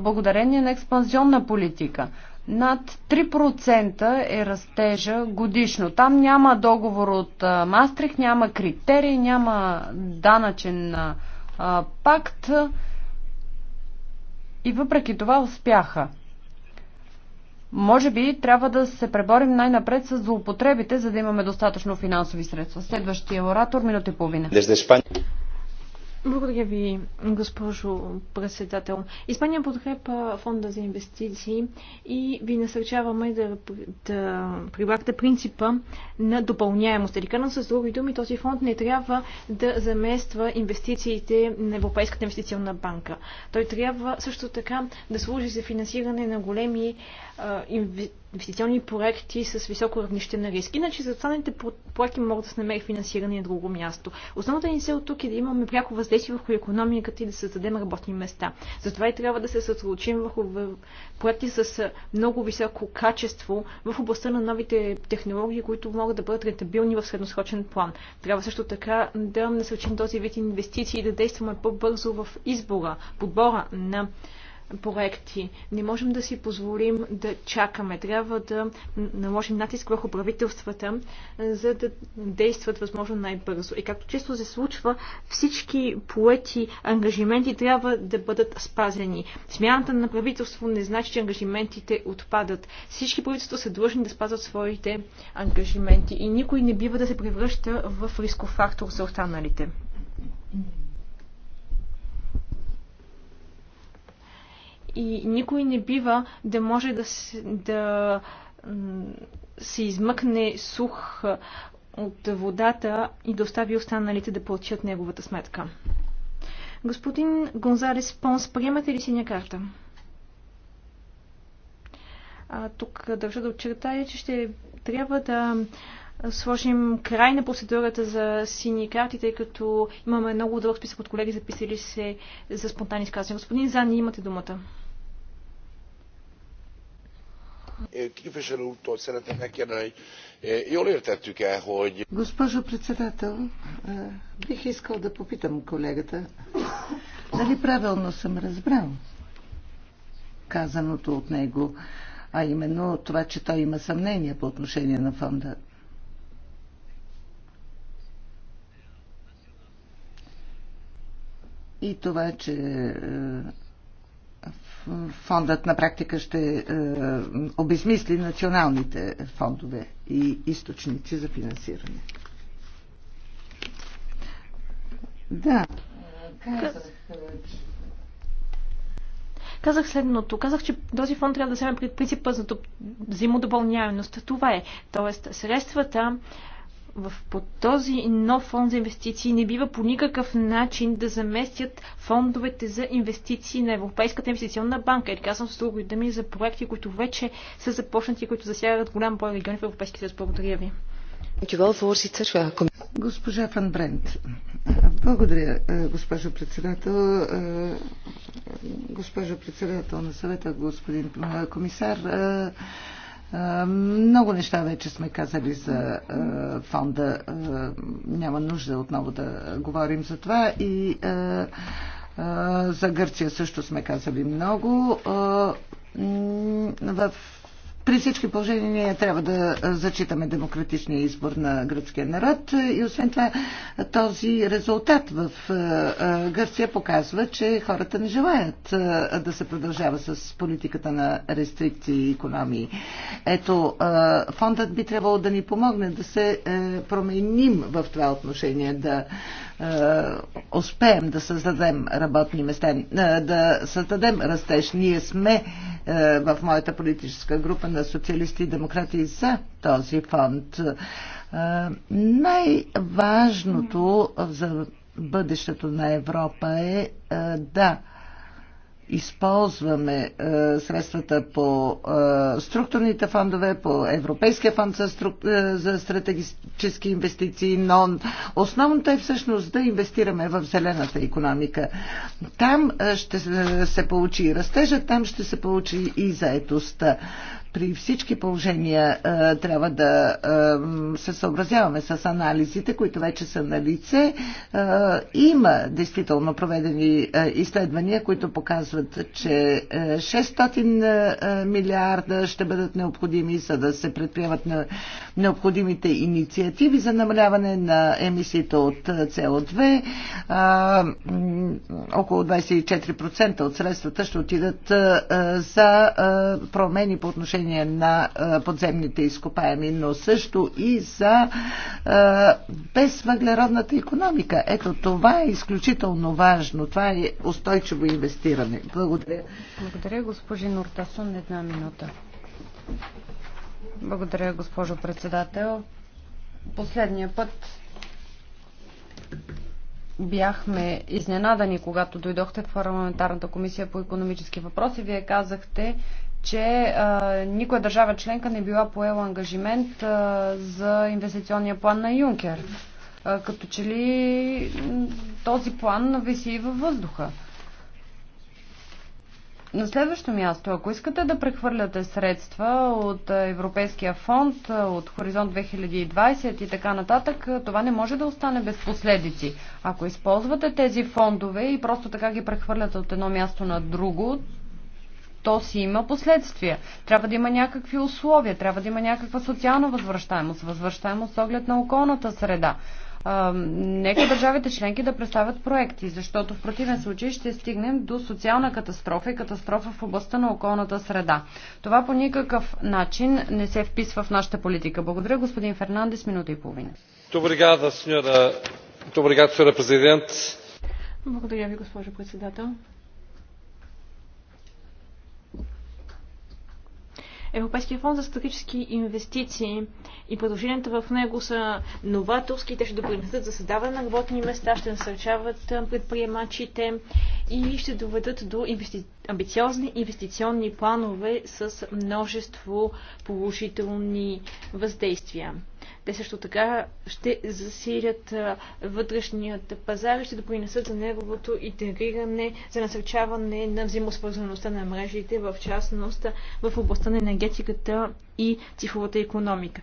благодарение на експанзионна политика. Над 3% е растежа годишно. Там няма договор от Мастрих, няма критерии, няма данъчен пакт. И въпреки това успяха. Може би трябва да се преборим най-напред с злоупотребите, за да имаме достатъчно финансови средства. Следващия оратор, минута и половина. Благодаря ви, госпожо председател. Испания подкрепа фонда за инвестиции и ви насърчаваме да, да прибрахте принципа на допълняемост. Или казано с други думи, този фонд не трябва да замества инвестициите на Европейската инвестиционна банка. Той трябва също така да служи за финансиране на големи а, инвестиции инвестиционни проекти с високо равнище на риск. Иначе за останалите проекти могат да се намери финансиране на друго място. Основната ни цел тук е да имаме пряко въздействие върху економиката и да създадем работни места. Затова и трябва да се съсредоточим върху проекти с много високо качество в областта на новите технологии, които могат да бъдат рентабилни в средносрочен план. Трябва също така да насърчим този вид инвестиции и да действаме по-бързо в избора, подбора на проекти. Не можем да си позволим да чакаме. Трябва да наложим натиск върху правителствата, за да действат възможно най-бързо. И както често се случва, всички поети ангажименти трябва да бъдат спазени. Смяната на правителство не значи, че ангажиментите отпадат. Всички правителства са длъжни да спазват своите ангажименти и никой не бива да се превръща в рисков фактор за останалите. и никой не бива да може да се, да, се измъкне сух от водата и да остави останалите да платят неговата сметка. Господин Гонзалес Понс, приемате ли синя карта? А, тук държа да очертая, че ще трябва да сложим край на процедурата за сини карти, тъй като имаме много дълъг списък от колеги записали се за спонтанни изказвания. Господин Зани, имате думата. Е, képviselő úrtól szeretném megkérdezni, hogy e, jól értettük-e, hogy... Госпожо председател, е, бих искал да попитам колегата, дали правилно съм разбрал казаното от него, а именно това, че той има съмнение по отношение на фонда. И това, че е, фондът на практика ще е, обезмисли националните фондове и източници за финансиране. Да. Казах, следното. Казах, че този фонд трябва да се пред принципа за взаимодопълняемост. Това е. Тоест, средствата, в, по този нов фонд за инвестиции не бива по никакъв начин да заместят фондовете за инвестиции на Европейската инвестиционна банка. Или казвам с други думи за проекти, които вече са започнати, които засягат голям брой региони в Европейския съюз. Благодаря ви. Госпожа Фан Брент. Благодаря, е, госпожо председател. Е, госпожо председател на съвета, господин е, комисар. Много неща вече сме казали за фонда. Няма нужда отново да говорим за това. И за Гърция също сме казали много. В при всички положения ние трябва да зачитаме демократичния избор на гръцкия народ и освен това този резултат в Гърция показва, че хората не желаят да се продължава с политиката на рестрикции и економии. Ето, фондът би трябвало да ни помогне да се е, променим в това отношение, да е, успеем да създадем работни места, е, да създадем растеж. Ние сме е, в моята политическа група на социалисти и демократи за този фонд. Най-важното за бъдещето на Европа е да използваме е, средствата по е, структурните фондове, по Европейския фонд за, струк... е, за стратегически инвестиции, но основното е всъщност да инвестираме в зелената економика. Там е, ще се, се получи и растежа, там ще се получи и заетостта при всички положения е, трябва да е, се съобразяваме с анализите, които вече са на лице. Е, има действително проведени изследвания, които показват, че 600 милиарда ще бъдат необходими, за да се предприемат на необходимите инициативи за намаляване на емисиите от CO2. Около 24% от средствата ще отидат за промени по отношение значение на подземните изкопаеми, но също и за безвъглеродната економика. Ето това е изключително важно. Това е устойчиво инвестиране. Благодаря. Благодаря, госпожин Нортасон. Една минута. Благодаря, госпожо председател. Последния път бяхме изненадани, когато дойдохте в парламентарната комисия по економически въпроси. Вие казахте, че а, никоя държава членка не била поела ангажимент а, за инвестиционния план на Юнкер. А, като че ли този план виси и във въздуха. На следващо място, ако искате да прехвърляте средства от Европейския фонд, от Хоризонт 2020 и така нататък, това не може да остане без последици. Ако използвате тези фондове и просто така ги прехвърляте от едно място на друго, то си има последствия. Трябва да има някакви условия, трябва да има някаква социална възвръщаемост, възвръщаемост с оглед на околната среда. А, нека държавите членки да представят проекти, защото в противен случай ще стигнем до социална катастрофа и катастрофа в областта на околната среда. Това по никакъв начин не се вписва в нашата политика. Благодаря, господин Фернандес, минута и половина. Добре, господин президент. Благодаря ви, госпожо председател. Европейския фонд за стратегически инвестиции и предложенията в него са новаторски, те ще допринесат за създаване на работни места, ще насърчават предприемачите и ще доведат до инвести... амбициозни инвестиционни планове с множество положителни въздействия. Те също така ще засилят вътрешният пазар и ще допринесат за неговото интегриране, за насърчаване на взаимосвързаността на мрежите, в частност в областта на енергетиката и цифровата економика.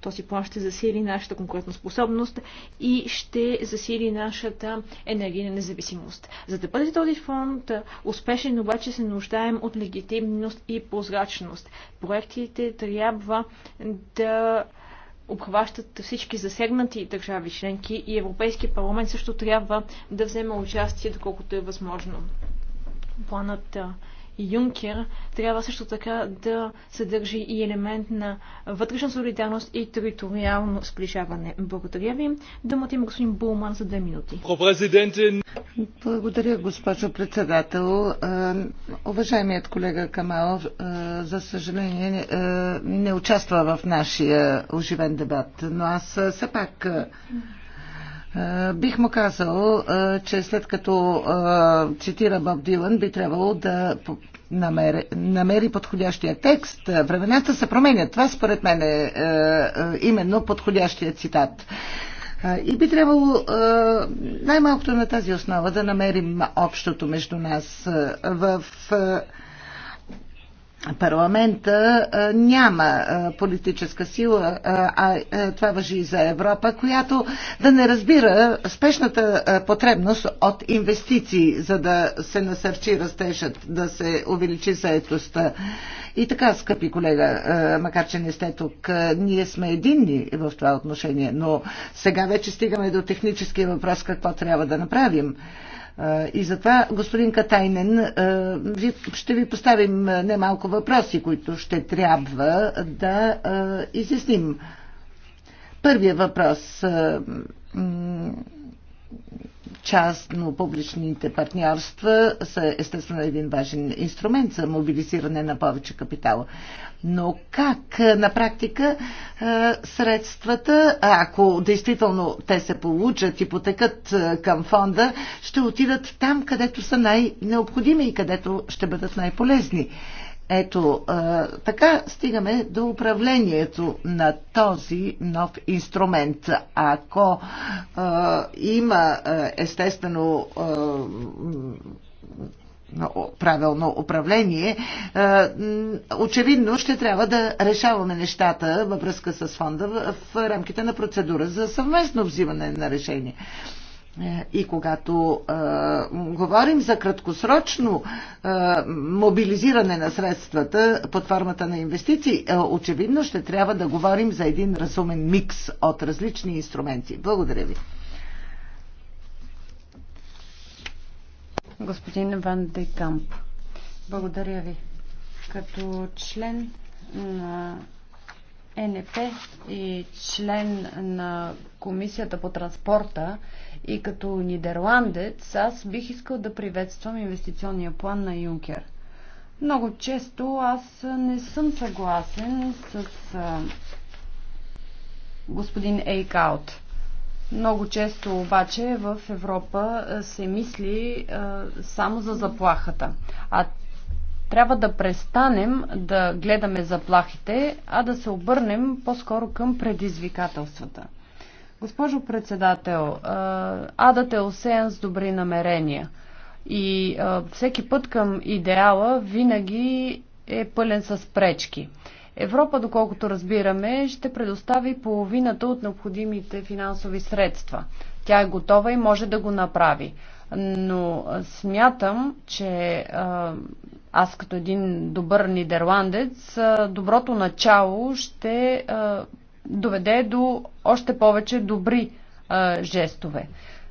Този план ще засили нашата конкурентоспособност и ще засили нашата енергийна независимост. За да бъде този фонд успешен, обаче се нуждаем от легитимност и прозрачност. Проектите трябва да обхващат всички засегнати държави членки и Европейския парламент също трябва да вземе участие, доколкото е възможно. Планът Юнкер, трябва също така да съдържи и елемент на вътрешна солидарност и териториално сближаване. Благодаря ви. Думата има господин Булман за две минути. Благодаря, госпожо председател. Уважаемият колега Камалов, за съжаление, не участва в нашия оживен дебат, но аз все пак е, бих му казал, е, че след като е, цитира Боб Дилан, би трябвало да намери, намери подходящия текст. Времената се променят. Това според мен е именно подходящия цитат. И би трябвало най-малкото на тази основа да намерим общото между нас в парламента няма политическа сила, а това въжи и за Европа, която да не разбира спешната потребност от инвестиции, за да се насърчи растежът, да се увеличи заетостта. И така, скъпи колега, макар че не сте тук, ние сме единни в това отношение, но сега вече стигаме до техническия въпрос какво трябва да направим. И затова, господин Катайнен, ще ви поставим немалко въпроси, които ще трябва да изясним. Първият въпрос частно-публичните партньорства са естествено един важен инструмент за мобилизиране на повече капитал. Но как е, на практика е, средствата, ако действително те се получат и потекат е, към фонда, ще отидат там, където са най-необходими и където ще бъдат най-полезни? Ето, а, така стигаме до управлението на този нов инструмент. Ако а, има естествено а, правилно управление, а, очевидно ще трябва да решаваме нещата във връзка с фонда в, в рамките на процедура за съвместно взимане на решение. И когато е, говорим за краткосрочно е, мобилизиране на средствата под формата на инвестиции, е, очевидно ще трябва да говорим за един разумен микс от различни инструменти. Благодаря ви. Господин Ван Декамп, благодаря ви. Като член на ЕНП и член на Комисията по транспорта и като нидерландец, аз бих искал да приветствам инвестиционния план на Юнкер. Много често аз не съм съгласен с а, господин Ейкаут. Много често обаче в Европа се мисли а, само за заплахата. А трябва да престанем да гледаме заплахите, а да се обърнем по-скоро към предизвикателствата. Госпожо председател, адът е осеян с добри намерения. И всеки път към идеала винаги е пълен с пречки. Европа, доколкото разбираме, ще предостави половината от необходимите финансови средства. Тя е готова и може да го направи. Но смятам, че аз като един добър нидерландец, доброто начало ще доведе до още повече добри жестове.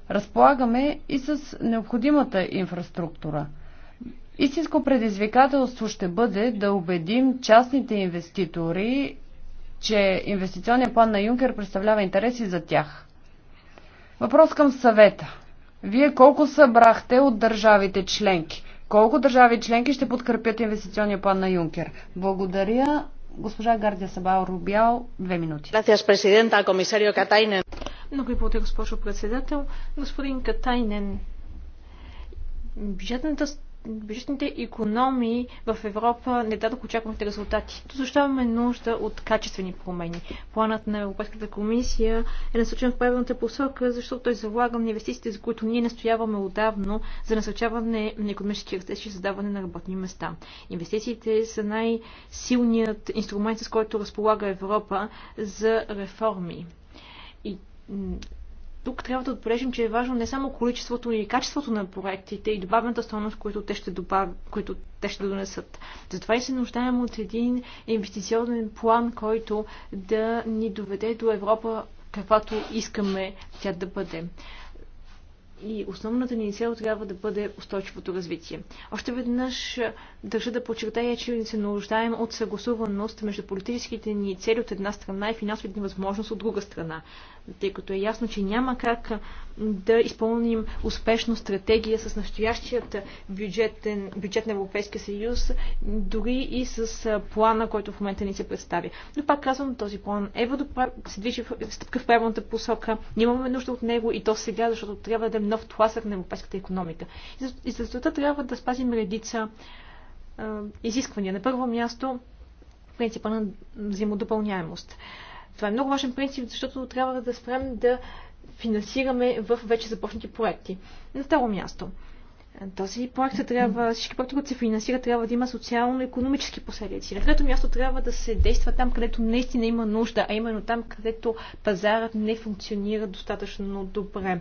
Разполагаме и с необходимата инфраструктура. Истинско предизвикателство ще бъде да убедим частните инвеститори, че инвестиционният план на Юнкер представлява интереси за тях. Въпрос към съвета. Вие колко събрахте от държавите членки? Колко държави членки ще подкрепят инвестиционния план на Юнкер? Благодаря. Госпожа Гардия Сабао Рубял, две минути. Много ви благодаря, госпожо председател. Господин Катайнен, бюджетната бюджетните економии в Европа не дадат очакваните резултати. То защо имаме нужда от качествени промени? Планът на Европейската комисия е насочен в правилната посока, защото той залага на инвестициите, за които ние настояваме отдавно за насърчаване на економически растеж и създаване на работни места. Инвестициите са най-силният инструмент, с който разполага Европа за реформи. И тук трябва да отбележим, че е важно не само количеството, но и качеството на проектите и добавената стойност, които те ще, добав... които те ще донесат. Затова и се нуждаем от един инвестиционен план, който да ни доведе до Европа, каквато искаме тя да бъде и основната ни цел трябва да бъде устойчивото развитие. Още веднъж държа да подчертая, че се нуждаем от съгласуваност между политическите ни цели от една страна и финансовите ни възможности от друга страна тъй като е ясно, че няма как да изпълним успешно стратегия с настоящият бюджетен, бюджет на Европейския съюз, дори и с плана, който в момента ни се представи. Но пак казвам, този план е водоправ... се движи в стъпка в правилната посока. Нямаме нужда от него и то сега, защото трябва да е нов тласък на европейската економика. И за това трябва да спазим редица е, изисквания. На първо място принципа на взаимодопълняемост. Това е много важен принцип, защото трябва да спрем да финансираме в вече започнати проекти. На второ място. Този проект трябва, всички проекти, които се финансират, трябва да има социално-економически последици. На трето място трябва да се действа там, където наистина има нужда, а именно там, където пазарът не функционира достатъчно добре.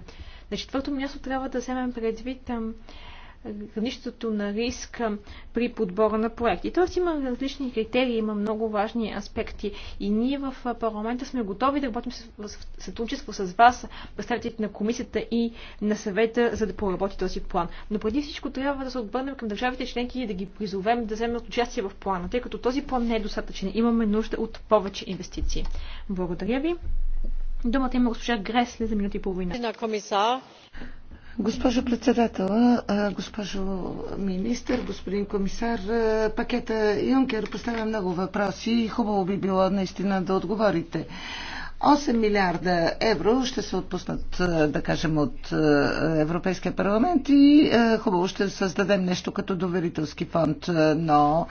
На четвърто място трябва да вземем предвид там, равнището на риск при подбора на проекти. Тоест има различни критерии, има много важни аспекти и ние в парламента сме готови да работим в сътрудничество с вас, представителите на комисията и на съвета, за да поработи този план. Но преди всичко трябва да се обърнем към държавите членки и да ги призовем да вземат участие в плана, тъй като този план не е достатъчен. Имаме нужда от повече инвестиции. Благодаря ви. Думата има госпожа Гресле за минути и половина. Госпожо председател, госпожо министър, господин комисар, пакета Юнкер поставя много въпроси и хубаво би било наистина да отговорите. 8 милиарда евро ще се отпуснат, да кажем, от Европейския парламент и хубаво ще създадем нещо като доверителски фонд, но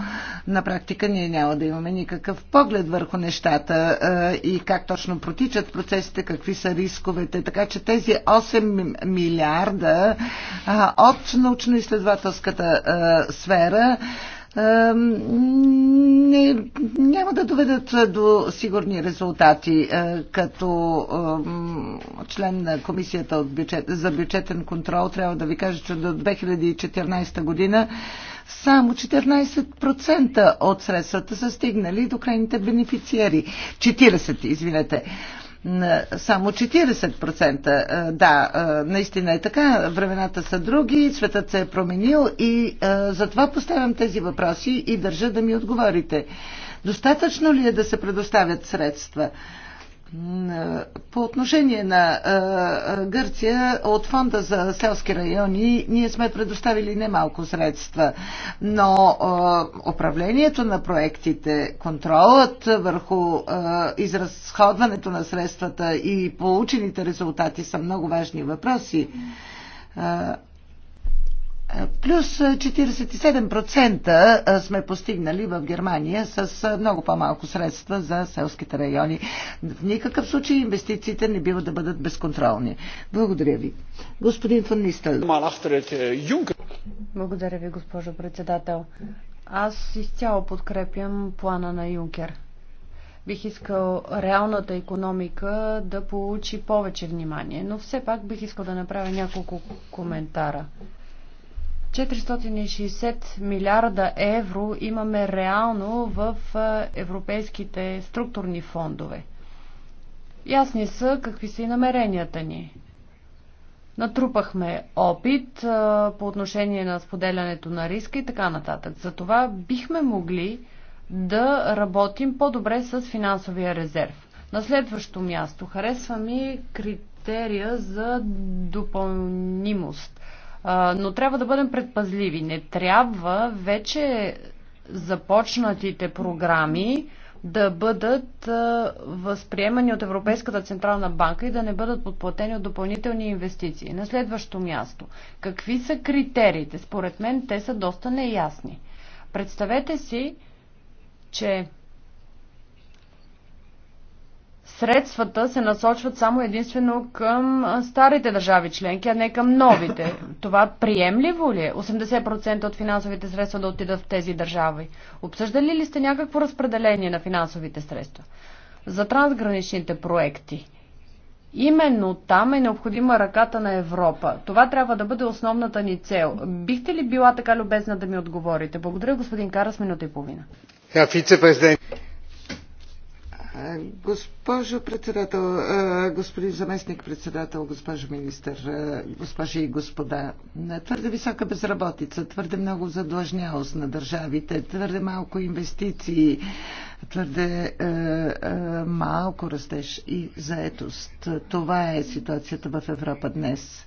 на практика ние няма да имаме никакъв поглед върху нещата и как точно протичат процесите, какви са рисковете. Така че тези 8 милиарда от научно-изследователската сфера не, няма да доведат до сигурни резултати. Като член на комисията от бюджет, за бюджетен контрол трябва да ви кажа, че до 2014 година само 14% от средствата са стигнали до крайните бенефициери. 40, извинете само 40%. Е, да, е, наистина е така. Времената са други, светът се е променил и е, затова поставям тези въпроси и държа да ми отговорите. Достатъчно ли е да се предоставят средства? По отношение на Гърция, от Фонда за селски райони ние сме предоставили немалко средства, но управлението на проектите, контролът върху изразходването на средствата и получените резултати са много важни въпроси. Плюс 47% сме постигнали в Германия с много по-малко средства за селските райони. В никакъв случай инвестициите не бива да бъдат безконтролни. Благодаря ви. Господин Фаннистъл. Благодаря ви, госпожо председател. Аз изцяло подкрепям плана на Юнкер. Бих искал реалната економика да получи повече внимание, но все пак бих искал да направя няколко коментара. 460 милиарда евро имаме реално в европейските структурни фондове. Ясни са какви са и намеренията ни. Натрупахме опит а, по отношение на споделянето на риска и така нататък. Затова бихме могли да работим по-добре с финансовия резерв. На следващо място харесва ми критерия за допълнимост но трябва да бъдем предпазливи. Не трябва вече започнатите програми да бъдат възприемани от Европейската Централна банка и да не бъдат подплатени от допълнителни инвестиции. На следващо място, какви са критериите? Според мен те са доста неясни. Представете си, че средствата се насочват само единствено към старите държави членки, а не към новите. Това приемливо ли е? 80% от финансовите средства да отидат в тези държави. Обсъждали ли сте някакво разпределение на финансовите средства? За трансграничните проекти. Именно там е необходима ръката на Европа. Това трябва да бъде основната ни цел. Бихте ли била така любезна да ми отговорите? Благодаря, господин Карас, минута и половина. Госпожо председател, господин заместник председател, госпожо министър, госпожи и господа, твърде висока безработица, твърде много задлъжнялост на държавите, твърде малко инвестиции, твърде е, е, малко растеж и заетост. Това е ситуацията в Европа днес.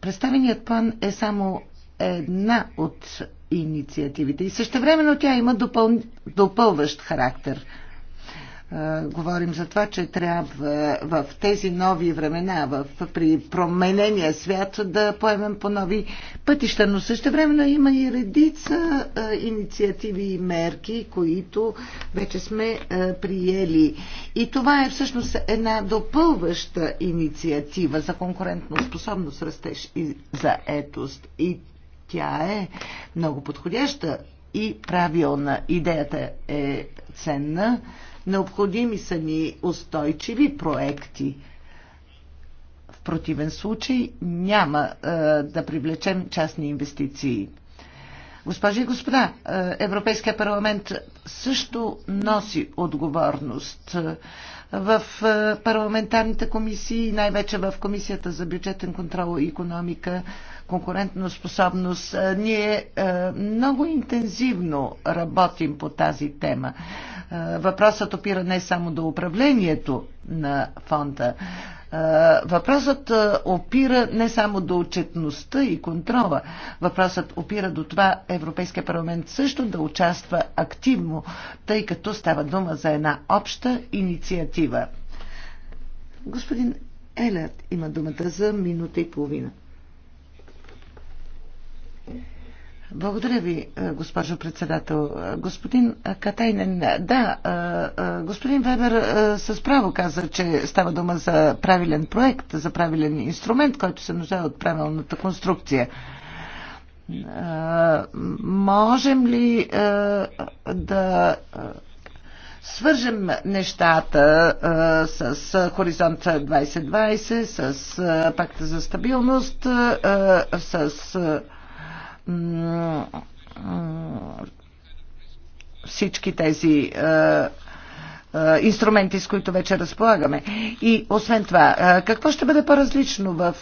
Представеният план е само една от инициативите и същевременно тя има допъл... допълващ характер – говорим за това, че трябва в тези нови времена, в, при променения свят да поемем по нови пътища, но също времено има и редица а, инициативи и мерки, които вече сме а, приели. И това е всъщност една допълваща инициатива за конкурентно способност, растеж и за етост. И тя е много подходяща и правилна. Идеята е ценна. Необходими са ни устойчиви проекти. В противен случай няма е, да привлечем частни инвестиции. Госпожи и господа, е, Европейския парламент също носи отговорност в е, парламентарните комисии, най-вече в Комисията за бюджетен контрол и економика, конкурентно способност. Е, ние много интензивно работим по тази тема. Въпросът опира не само до управлението на фонда. Въпросът опира не само до отчетността и контрола. Въпросът опира до това Европейския парламент също да участва активно, тъй като става дума за една обща инициатива. Господин Елят има думата за минута и половина. Благодаря ви, е, госпожо председател. Е, господин Катайнен, да, е, господин Вебер с право каза, че става дума за правилен проект, за правилен инструмент, който се нуждае от правилната конструкция. Можем ли да свържем нещата с Хоризонт 2020, с Пакта за стабилност, с всички тези инструменти, с които вече разполагаме. И освен това, какво ще бъде по-различно в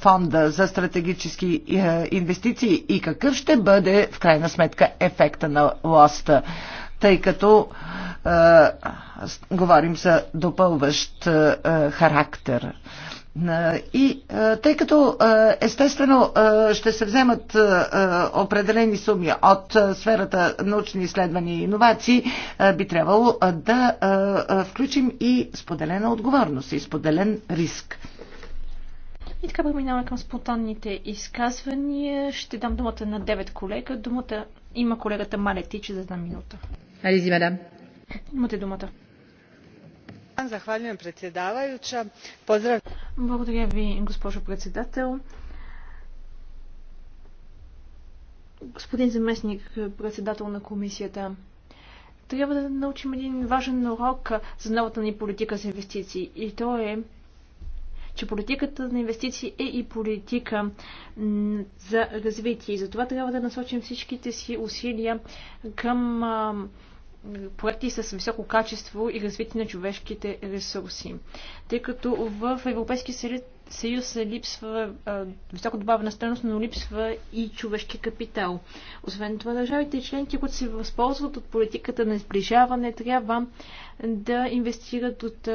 фонда за стратегически инвестиции и какъв ще бъде в крайна сметка ефекта на лоста? Тъй като говорим за допълващ характер. И тъй като естествено ще се вземат определени суми от сферата научни изследвания и иновации, би трябвало да включим и споделена отговорност и споделен риск. И така преминаваме към спонтанните изказвания. Ще дам думата на 9 колега. Думата има колегата Малетич за една минута. Ализи, мадам. Имате думата. Благодаря ви, госпожо председател. Господин заместник председател на комисията, трябва да научим един важен урок за новата ни политика за инвестиции. И то е, че политиката на инвестиции е и политика за развитие. И затова трябва да насочим всичките си усилия към проекти с високо качество и развитие на човешките ресурси. Тъй като в Европейския съюз съюз липсва а, високо добавена стоеност, но липсва и човешки капитал. Освен това, държавите и членки, които се възползват от политиката на сближаване, трябва да инвестират от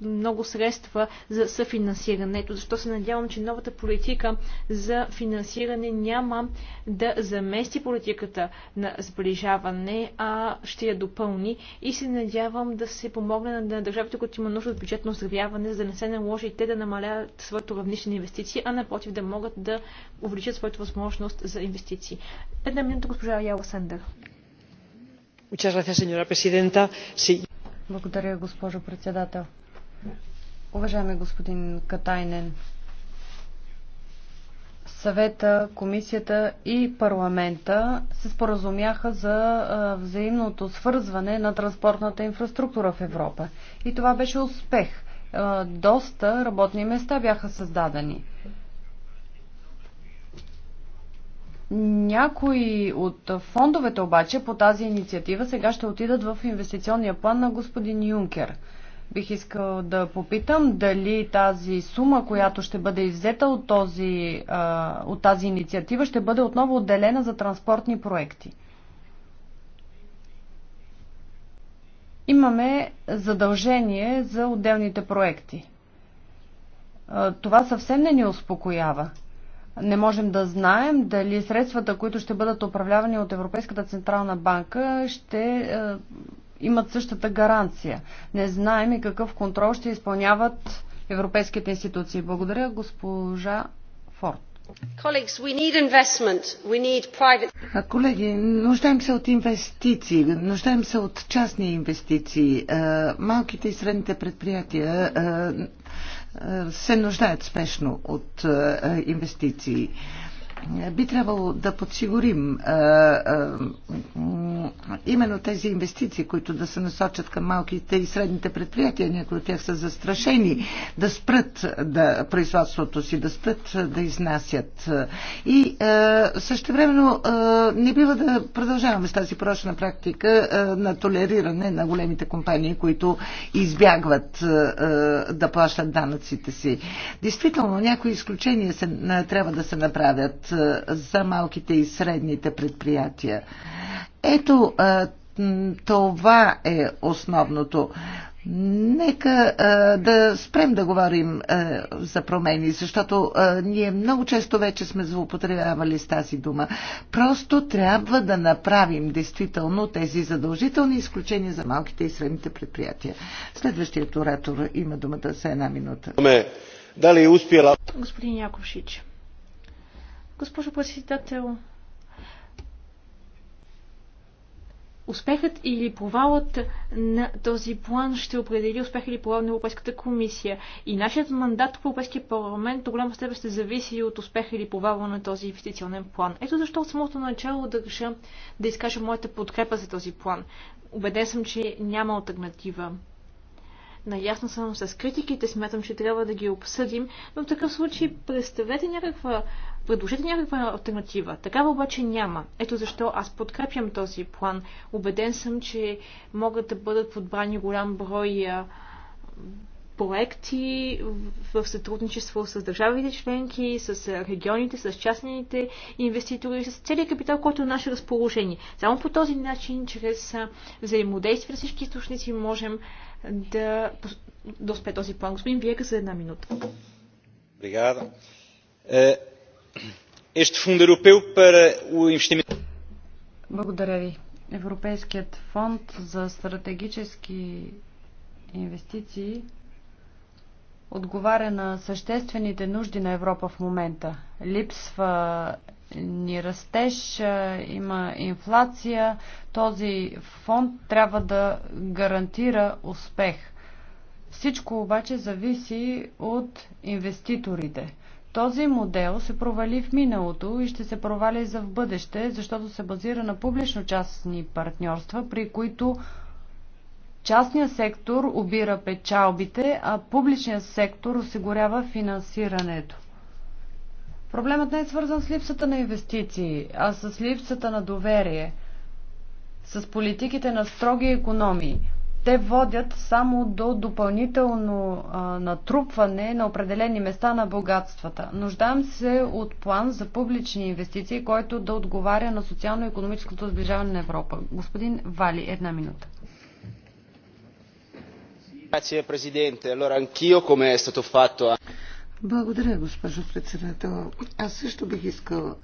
много средства за съфинансирането. Защо се надявам, че новата политика за финансиране няма да замести политиката на сближаване, а ще я допълни и се надявам да се помогне на държавите, които има нужда от бюджетно оздравяване, за да не се наложи и те да намалят своето равнище на инвестиции, а напротив да могат да увеличат своята възможност за инвестиции. Една минута, госпожа Яла Сендър señora presidenta sí благодаря, госпожо председател. Уважаеми господин Катайнен, съвета, комисията и парламента се споразумяха за взаимното свързване на транспортната инфраструктура в Европа. И това беше успех. Доста работни места бяха създадени. Някои от фондовете обаче по тази инициатива сега ще отидат в инвестиционния план на господин Юнкер. Бих искал да попитам дали тази сума, която ще бъде иззета от, този, от тази инициатива, ще бъде отново отделена за транспортни проекти. Имаме задължение за отделните проекти. Това съвсем не ни успокоява не можем да знаем дали средствата, които ще бъдат управлявани от Европейската Централна банка, ще е, имат същата гаранция. Не знаем и какъв контрол ще изпълняват европейските институции. Благодаря, госпожа Форд. Колеги, нуждаем се от инвестиции, нуждаем се от частни инвестиции. Е, малките и средните предприятия е, се нуждаят спешно от е, инвестиции би трябвало да подсигурим а, а, именно тези инвестиции, които да се насочат към малките и средните предприятия. Някои от тях са застрашени да спрат да, производството си, да спрат да изнасят. И а, същевременно а, не бива да продължаваме с тази прочна практика а, на толериране на големите компании, които избягват а, да плащат данъците си. Действително, някои изключения се, а, трябва да се направят за малките и средните предприятия. Ето, това е основното. Нека а, да спрем да говорим а, за промени, защото а, ние много често вече сме злоупотребявали с тази дума. Просто трябва да направим действително тези задължителни изключения за малките и средните предприятия. Следващият оратор има думата за една минута. Дали е успяла? Господин Яковшич, Госпожо председател, успехът или провалът на този план ще определи успех или провал на Европейската комисия. И нашият мандат в Европейския парламент до голяма степен ще зависи от успеха или провала на този инвестиционен план. Ето защо от самото начало да реша да изкажа моята подкрепа за този план. Убеден съм, че няма альтернатива. Наясно съм с критиките, смятам, че трябва да ги обсъдим, но в такъв случай представете някаква Предложете някаква альтернатива. Такава обаче няма. Ето защо аз подкрепям този план. Обеден съм, че могат да бъдат подбрани голям брой проекти в сътрудничество с държавите членки, с регионите, с частните инвеститори, с целият капитал, който е наше разположение. Само по този начин, чрез взаимодействие с всички източници, можем да, доспе този план. Господин Виека за една минута. Бригада. Е, благодаря ви. Европейският фонд за стратегически инвестиции отговаря на съществените нужди на Европа в момента. Липсва ни растеж, има инфлация. Този фонд трябва да гарантира успех. Всичко обаче зависи от инвеститорите – този модел се провали в миналото и ще се провали за в бъдеще, защото се базира на публично-частни партньорства, при които частният сектор обира печалбите, а публичният сектор осигурява финансирането. Проблемът не е свързан с липсата на инвестиции, а с липсата на доверие, с политиките на строги економии те водят само до допълнително а, натрупване на определени места на богатствата. Нуждаем се от план за публични инвестиции, който да отговаря на социално-економическото сближаване на Европа. Господин Вали, една минута. Благодаря, госпожо председател. Аз също бих искал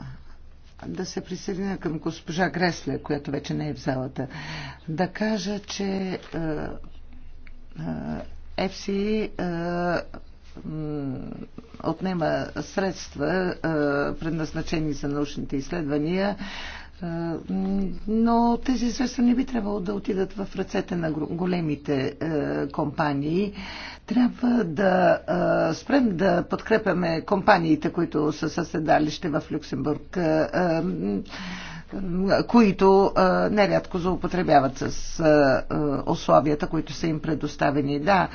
да се присъединя към госпожа Гресле, която вече не е в залата. Да кажа, че е, е, ФСИ е, отнема средства, предназначени за научните изследвания, но тези средства не би трябвало да отидат в ръцете на големите компании. Трябва да а, спрем да подкрепяме компаниите, които са съседалище в Люксембург, а, а, които а, нерядко злоупотребяват с а, а, условията, които са им предоставени. Да,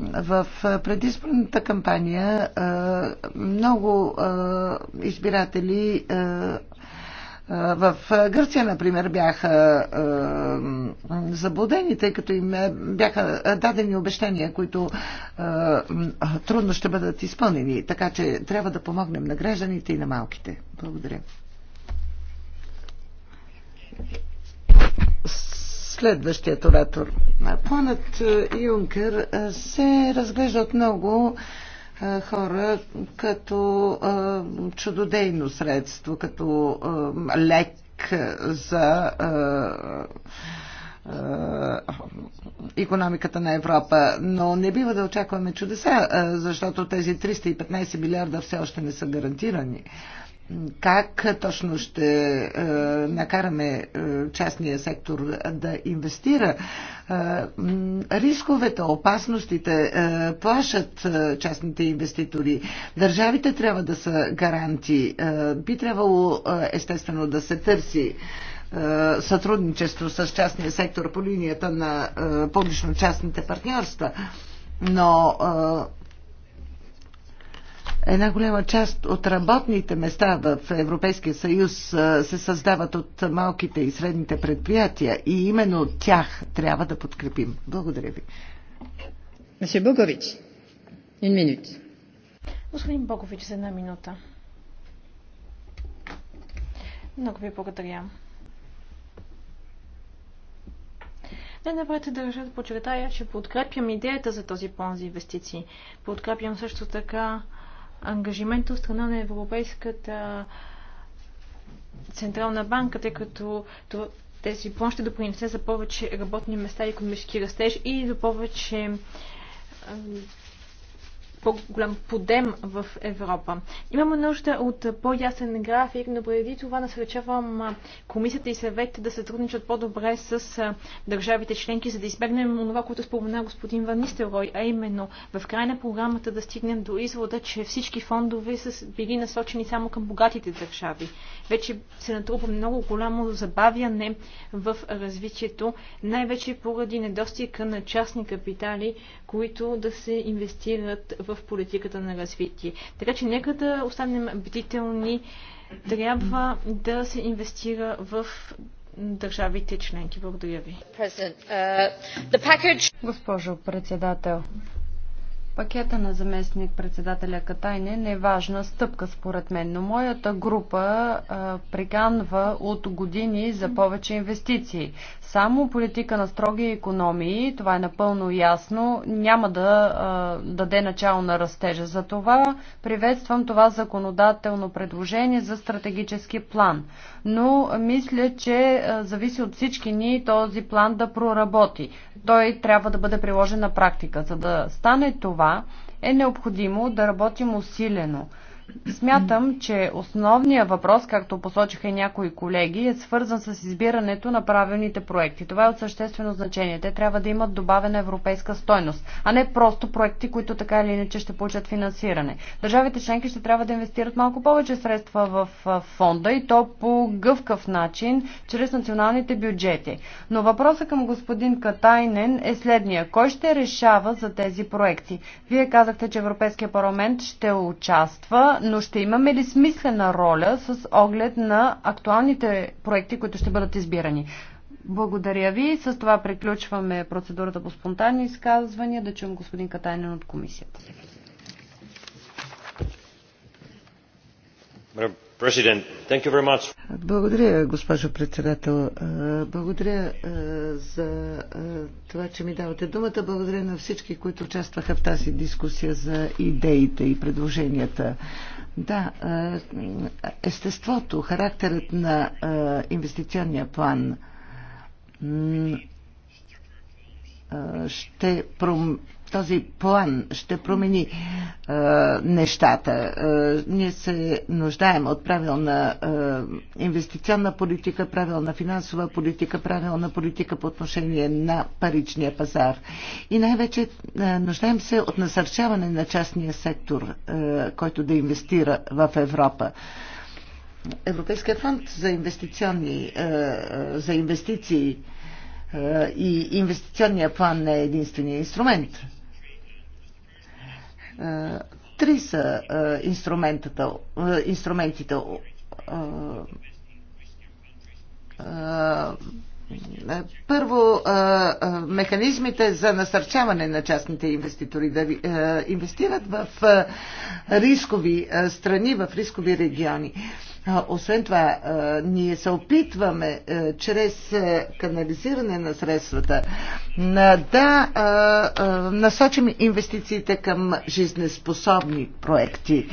в предизборната кампания много избиратели в Гърция, например, бяха заблудени, тъй като им е, бяха дадени обещания, които трудно ще бъдат изпълнени. Така че трябва да помогнем на гражданите и на малките. Благодаря. Следващият оратор. Планът е, Юнкер е, се разглежда от много хора като чудодейно средство, като лек за економиката на Европа. Но не бива да очакваме чудеса, защото тези 315 милиарда все още не са гарантирани как точно ще е, накараме е, частния сектор да инвестира. Е, рисковете, опасностите е, плашат е, частните инвеститори. Държавите трябва да са гаранти. Е, би трябвало е, естествено да се търси е, сътрудничество с частния сектор по линията на е, публично-частните партньорства. Но е, Една голяма част от работните места в Европейския съюз се създават от малките и средните предприятия и именно от тях трябва да подкрепим. Благодаря ви. Месье Богович, един минут. Господин Богович, за една минута. Много ви благодаря. най направете държа да подчертая, че подкрепям идеята за този план за инвестиции. Подкрепям също така ангажимент от страна на Европейската Централна банка, тъй като тези план ще допринесе за повече работни места и економически растеж и за повече по-голям подем в Европа. Имаме нужда от по-ясен график, но преди това насречавам комисията и съвет да сътрудничат по-добре с държавите членки, за да избегнем това, което спомена господин Ван Нистерой, а именно в края на програмата да стигнем до извода, че всички фондове са били насочени само към богатите държави вече се натрупа много голямо забавяне в развитието, най-вече поради недостига на частни капитали, които да се инвестират в политиката на развитие. Така че нека да останем бдителни. Трябва да се инвестира в държавите членки. Благодаря ви. Uh, Госпожо председател, Пакета на заместник председателя Катайнен е важна стъпка според мен, но моята група а, приканва от години за повече инвестиции. Само политика на строги економии, това е напълно ясно, няма да а, даде начало на растежа. За това приветствам това законодателно предложение за стратегически план. Но мисля, че а, зависи от всички ни този план да проработи. Той трябва да бъде приложен на практика. За да стане това, е необходимо да работим усилено. Смятам, че основният въпрос, както посочиха и някои колеги, е свързан с избирането на правилните проекти. Това е от съществено значение. Те трябва да имат добавена европейска стойност, а не просто проекти, които така или иначе ще получат финансиране. Държавите членки ще трябва да инвестират малко повече средства в фонда и то по гъвкав начин, чрез националните бюджети. Но въпросът към господин Катайнен е следния. Кой ще решава за тези проекти? Вие казахте, че Европейския парламент ще участва но ще имаме ли смислена роля с оглед на актуалните проекти, които ще бъдат избирани? Благодаря ви. С това приключваме процедурата по спонтанни изказвания. Да чуем господин Катайнен от комисията. Благодаря, госпожо председател. Благодаря за това, че ми давате думата. Благодаря на всички, които участваха в тази дискусия за идеите и предложенията. Да, естеството, характерът на инвестиционния план ще пром този план ще промени е, нещата. Е, ние се нуждаем от правилна е, инвестиционна политика, правилна финансова политика, правилна политика по отношение на паричния пазар. И най-вече е, нуждаем се от насърчаване на частния сектор, е, който да инвестира в Европа. Европейския фонд за, инвестиционни, е, е за инвестиции е, и инвестиционния план не е единствения инструмент. Е, три са е, е, инструментите първо, механизмите за насърчаване на частните инвеститори да инвестират в рискови страни, в рискови региони. Освен това, ние се опитваме чрез канализиране на средствата да насочим инвестициите към жизнеспособни проекти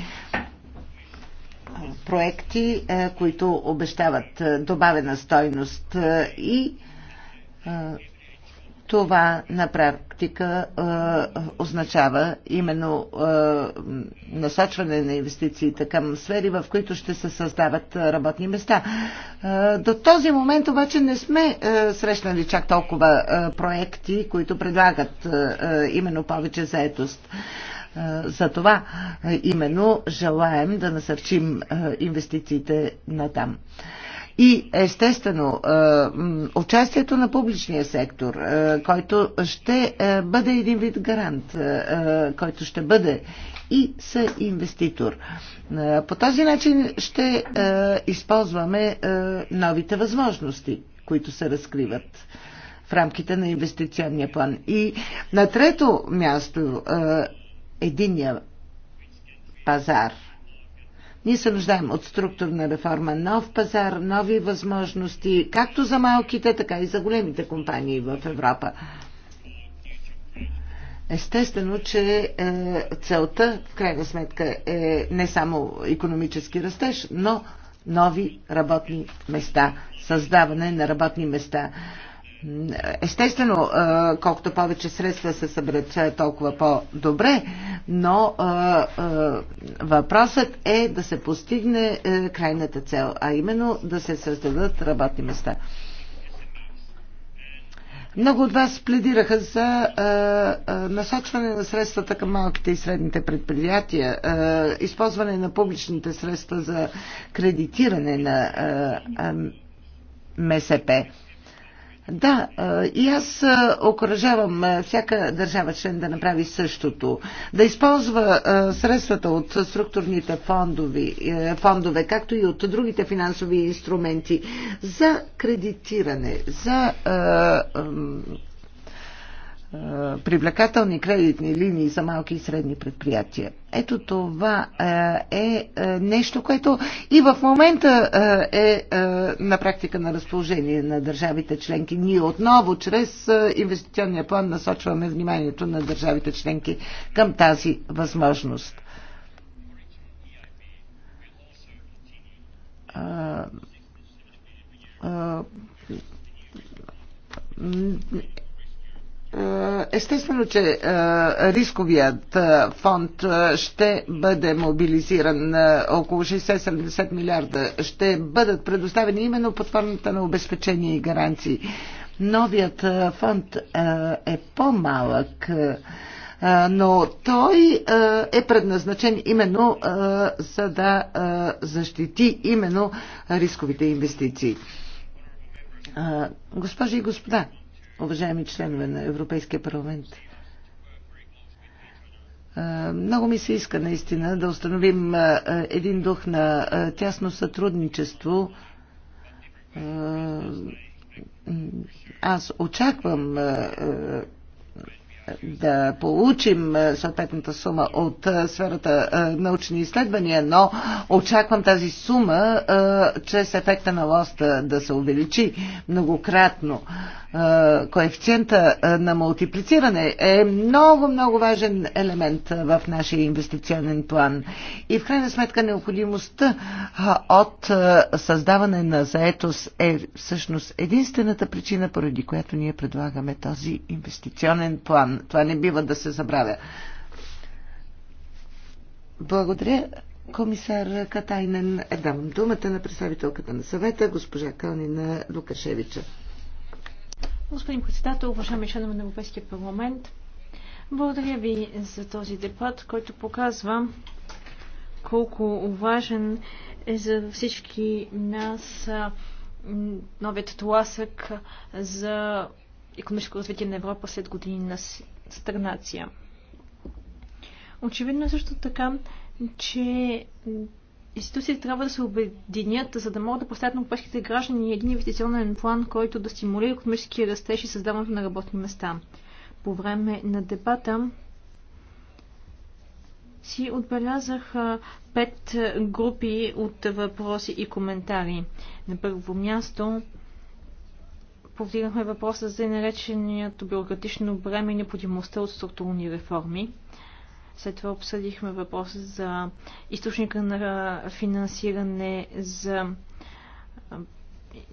проекти, е, които обещават е, добавена стойност е, и това на практика означава именно насочване на инвестициите към сфери, в които ще се създават работни места. до този момент обаче не сме срещнали чак толкова проекти, които предлагат именно повече заетост. Е, за това е, именно желаем да насърчим е, инвестициите на там. И естествено, участието на публичния сектор, който ще бъде един вид гарант, който ще бъде и са инвеститор. По този начин ще използваме новите възможности, които се разкриват в рамките на инвестиционния план. И на трето място единния пазар. Ние се нуждаем от структурна реформа, нов пазар, нови възможности, както за малките, така и за големите компании в Европа. Естествено, че е, целта, в крайна сметка, е не само економически растеж, но нови работни места, създаване на работни места. Естествено, колкото повече средства се съберат, толкова по-добре, но въпросът е да се постигне крайната цел, а именно да се създадат работни места. Много от вас пледираха за а, а, насочване на средствата към малките и средните предприятия, а, използване на публичните средства за кредитиране на а, а, МСП. Да, и аз окоръжавам всяка държава член да направи същото. Да използва средствата от структурните фондови, е, фондове, както и от другите финансови инструменти за кредитиране, за е, привлекателни кредитни линии за малки и средни предприятия. Ето това е, е, е нещо, което и в момента е на практика на разположение на държавите членки. Ние отново чрез инвестиционния план насочваме вниманието на държавите членки към тази възможност. Е, естествено, че е, рисковият е, фонд ще бъде мобилизиран около 60-70 милиарда. Ще бъдат предоставени именно под формата на обезпечение и гаранции. Новият фонд е по-малък, но той е предназначен именно за да защити именно рисковите инвестиции. Госпожи и господа, уважаеми членове на Европейския парламент. Много ми се иска наистина да установим един дух на тясно сътрудничество. Аз очаквам да получим съответната сума от сферата научни изследвания, но очаквам тази сума чрез ефекта на лоста да се увеличи многократно коефициента на мултиплициране е много, много важен елемент в нашия инвестиционен план. И в крайна сметка необходимостта от създаване на заетост е всъщност единствената причина, поради която ние предлагаме този инвестиционен план. Това не бива да се забравя. Благодаря. Комисар Катайнен, дам думата на представителката на съвета, госпожа Калнина Лукашевича. Господин председател, уважаеми членове на Европейския парламент, благодаря ви за този дебат, който показва колко важен е за всички нас новият тласък за економическо развитие на Европа след години на стагнация. Очевидно е също така, че институциите трябва да се обединят, за да могат да поставят на европейските граждани един инвестиционен план, който да стимулира економическия растеж и създаването на работни места. По време на дебата си отбелязах пет групи от въпроси и коментари. На първо място повдигнахме въпроса за нареченото бюрократично бреме и необходимостта от структурни реформи. След това обсъдихме въпроса за източника на финансиране за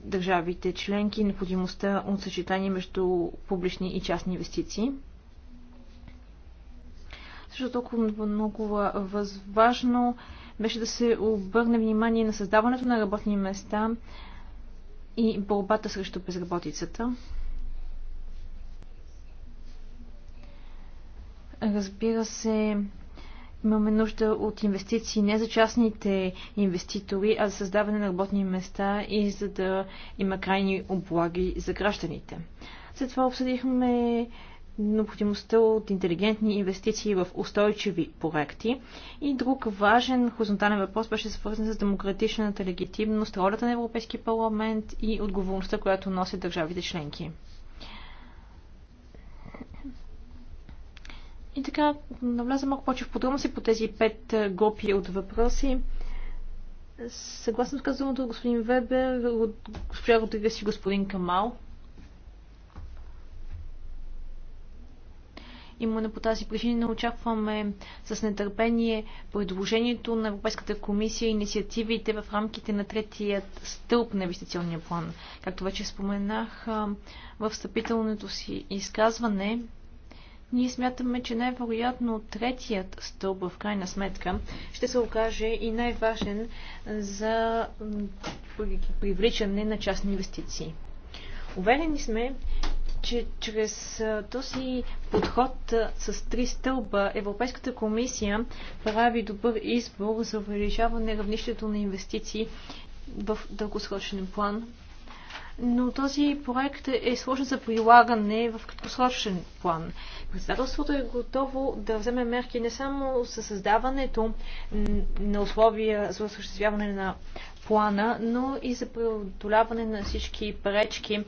държавите членки, необходимостта от съчетание между публични и частни инвестиции. Също толкова много важно беше да се обърне внимание на създаването на работни места и борбата срещу безработицата. Разбира се, имаме нужда от инвестиции не за частните инвеститори, а за създаване на работни места и за да има крайни облаги за гражданите. След това обсъдихме необходимостта от интелигентни инвестиции в устойчиви проекти. И друг важен хоризонтален въпрос беше свързан с демократичната легитимност, ролята на Европейски парламент и отговорността, която носят държавите членки. И така, навляза малко повече в подробности по тези пет е, гопи от въпроси. Съгласно с казаното господин Вебер, от госпожа Родригес и господин Камал, Именно по тази причина очакваме с нетърпение предложението на Европейската комисия и инициативите в рамките на третият стълб на инвестиционния план. Както вече споменах в встъпителното си изказване, ние смятаме, че най-вероятно третият стълб в крайна сметка ще се окаже и най-важен за привличане на частни инвестиции. Уверени сме, че чрез този подход с три стълба Европейската комисия прави добър избор за увеличаване равнището на инвестиции в дългосрочен план но този проект е сложен за прилагане в краткосрочен план. Председателството е готово да вземе мерки не само със създаването на условия за осъществяване на плана, но и за преодоляване на всички пречки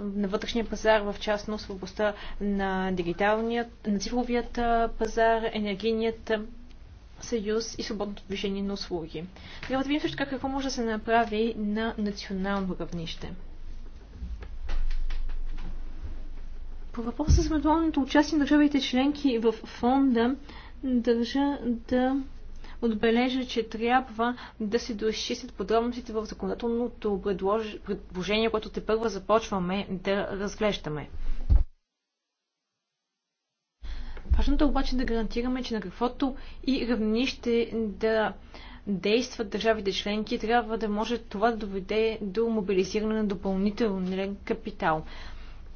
на вътрешния пазар, в частност в областта на дигиталният, на цифровият пазар, енергийният съюз и свободното движение на услуги. Трябва да видим също какво може да се направи на национално равнище. По въпроса за евентуалното участие на държавите членки в фонда, държа да отбележа, че трябва да се доизчистят подробностите в законодателното предложение, което те първо започваме да разглеждаме. Важното е обаче да гарантираме, че на каквото и равнище да действат държавите членки, трябва да може това да доведе до мобилизиране на допълнителен капитал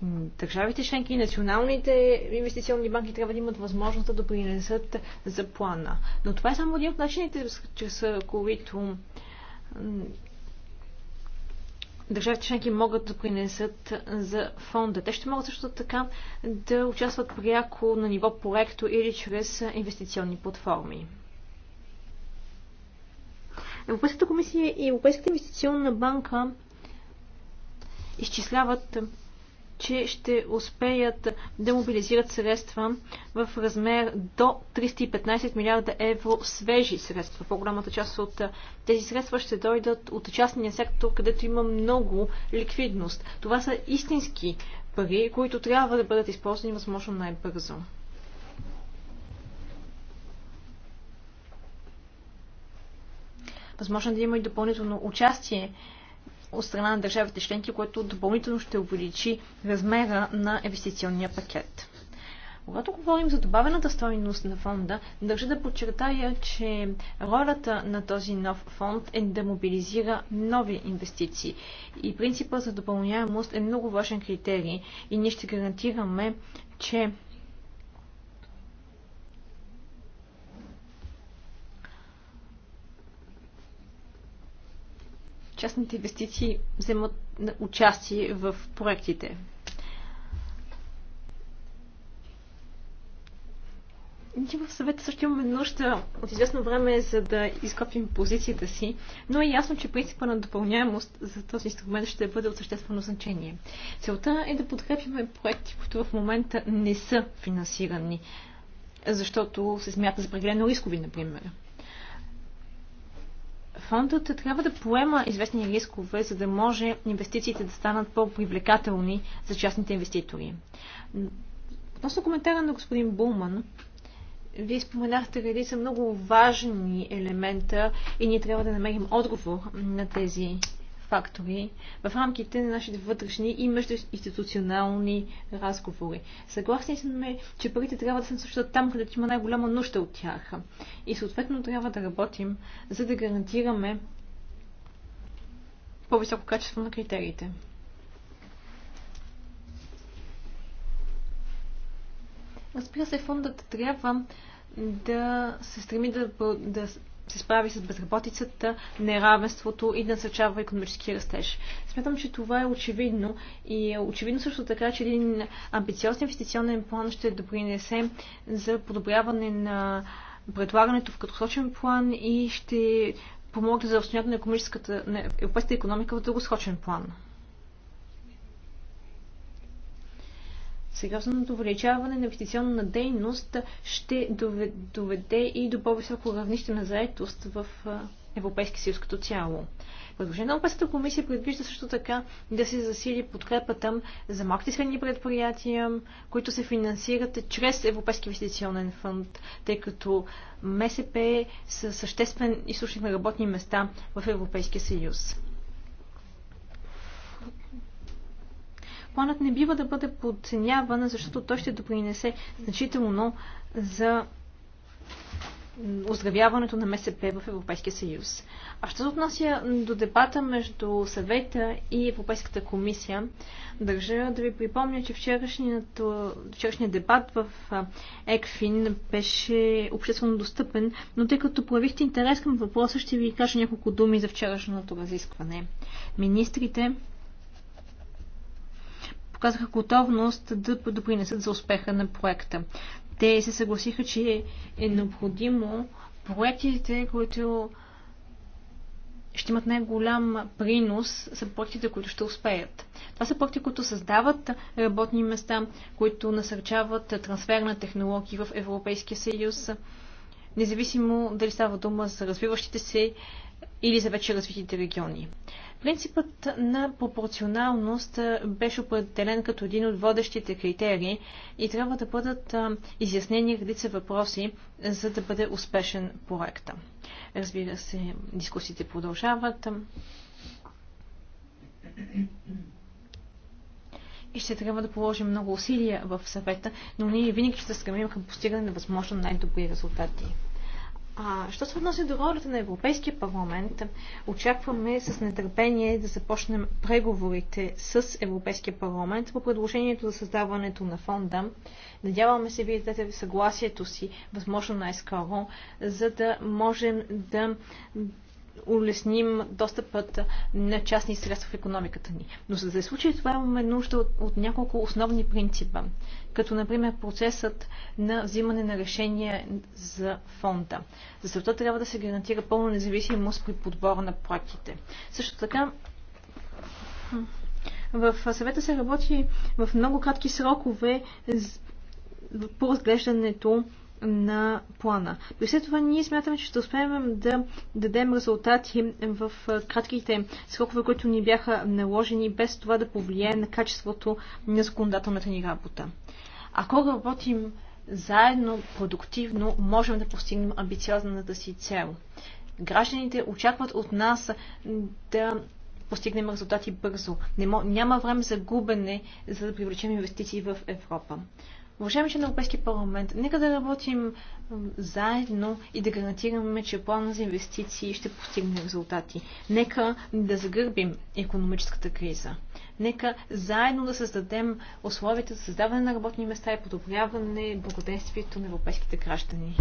държавите членки и националните инвестиционни банки трябва да имат възможност да принесат за плана. Но това е само един от начините, чрез които държавите членки могат да принесат за фонда. Те ще могат също така да участват пряко на ниво проекто или чрез инвестиционни платформи. Европейската комисия и Европейската инвестиционна банка изчисляват че ще успеят да мобилизират средства в размер до 315 милиарда евро свежи средства. По-голямата част от тези средства ще дойдат от частния сектор, където има много ликвидност. Това са истински пари, които трябва да бъдат използвани възможно най-бързо. Възможно е да има и допълнително участие от страна на държавите членки, което допълнително ще увеличи размера на инвестиционния пакет. Когато говорим за добавената стойност на фонда, държа да подчертая, че ролята на този нов фонд е да мобилизира нови инвестиции. И принципът за допълняемост е много важен критерий и ние ще гарантираме, че частните инвестиции вземат участие в проектите. Ние в съвета също имаме нужда от известно време, за да изкопим позицията си, но е ясно, че принципа на допълняемост за този инструмент ще бъде от съществено значение. Целта е да подкрепим проекти, които в момента не са финансирани, защото се смята за прегледно рискови, например фондът трябва да поема известни рискове, за да може инвестициите да станат по-привлекателни за частните инвеститори. Относно коментара на господин Булман, вие споменахте редица много важни елемента и ние трябва да намерим отговор на тези фактори в рамките на нашите вътрешни и междуинституционални разговори. Съгласни сме, че парите трябва да се насочат там, където има най-голяма нужда от тях. И съответно трябва да работим, за да гарантираме по-високо качество на критериите. Разбира се, фондът трябва да се стреми да, да се справи с безработицата, неравенството и насърчава економически растеж. Смятам, че това е очевидно и е очевидно също така, че един амбициозен инвестиционен план ще допринесе за подобряване на предлагането в краткосрочен план и ще помогне за възстановяване на, на европейската економика в дългосрочен план. сериозното увеличаване на инвестиционна дейност ще доведе и до по-високо равнище на заетост в Европейския съюз като цяло. Предложение на Европейската комисия предвижда също така да се засили подкрепата за малки и средни предприятия, които се финансират чрез Европейски инвестиционен фонд, тъй като МСП е са съществен източник на работни места в Европейския съюз. планът не бива да бъде подценяван, защото той ще допринесе значително за оздравяването на МСП в Европейския съюз. А ще се отнася до дебата между съвета и Европейската комисия, държа да ви припомня, че вчерашния вчерашният дебат в ЕКФИН беше обществено достъпен, но тъй като проявихте интерес към въпроса, ще ви кажа няколко думи за вчерашното разискване. Министрите показаха готовност да допринесат за успеха на проекта. Те се съгласиха, че е необходимо проектите, които ще имат най-голям принос са проектите, които ще успеят. Това са проекти, които създават работни места, които насърчават трансфер на технологии в Европейския съюз, независимо дали става дума за развиващите се или за вече развитите региони. Принципът на пропорционалност беше определен като един от водещите критерии и трябва да бъдат изяснени редица въпроси, за да бъде успешен проекта. Разбира се, дискусиите продължават. И ще трябва да положим много усилия в съвета, но ние винаги ще се стремим към постигане на възможно най-добри резултати. А, що се отнася до ролята на Европейския парламент, очакваме с нетърпение да започнем преговорите с Европейския парламент по предложението за създаването на фонда. Надяваме се вие дадете съгласието си, възможно най-скоро, за да можем да улесним достъпът на частни средства в економиката ни. Но за да се случи това имаме нужда от, от няколко основни принципа като например процесът на взимане на решения за фонда. За целта трябва да се гарантира пълна независимост при подбора на проектите. Също така, в съвета се работи в много кратки срокове по разглеждането на плана. При след това ние смятаме, че ще успеем да дадем резултати в кратките срокове, които ни бяха наложени, без това да повлияе на качеството на законодателната ни работа. Ако работим заедно, продуктивно, можем да постигнем амбициозната си цел. Гражданите очакват от нас да постигнем резултати бързо. Няма време за губене, за да привлечем инвестиции в Европа. Уважаеми че на Европейски парламент, нека да работим заедно и да гарантираме, че плана за инвестиции ще постигне резултати. Нека да загърбим економическата криза. Нека заедно да създадем условията за създаване на работни места и подобряване благоденствието на европейските граждани.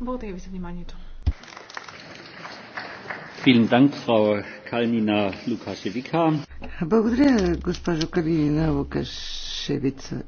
Благодаря ви за вниманието. Vielen Dank, Frau Калнина Лукашевика. Благодаря, госпожо Калнина Лукашевица.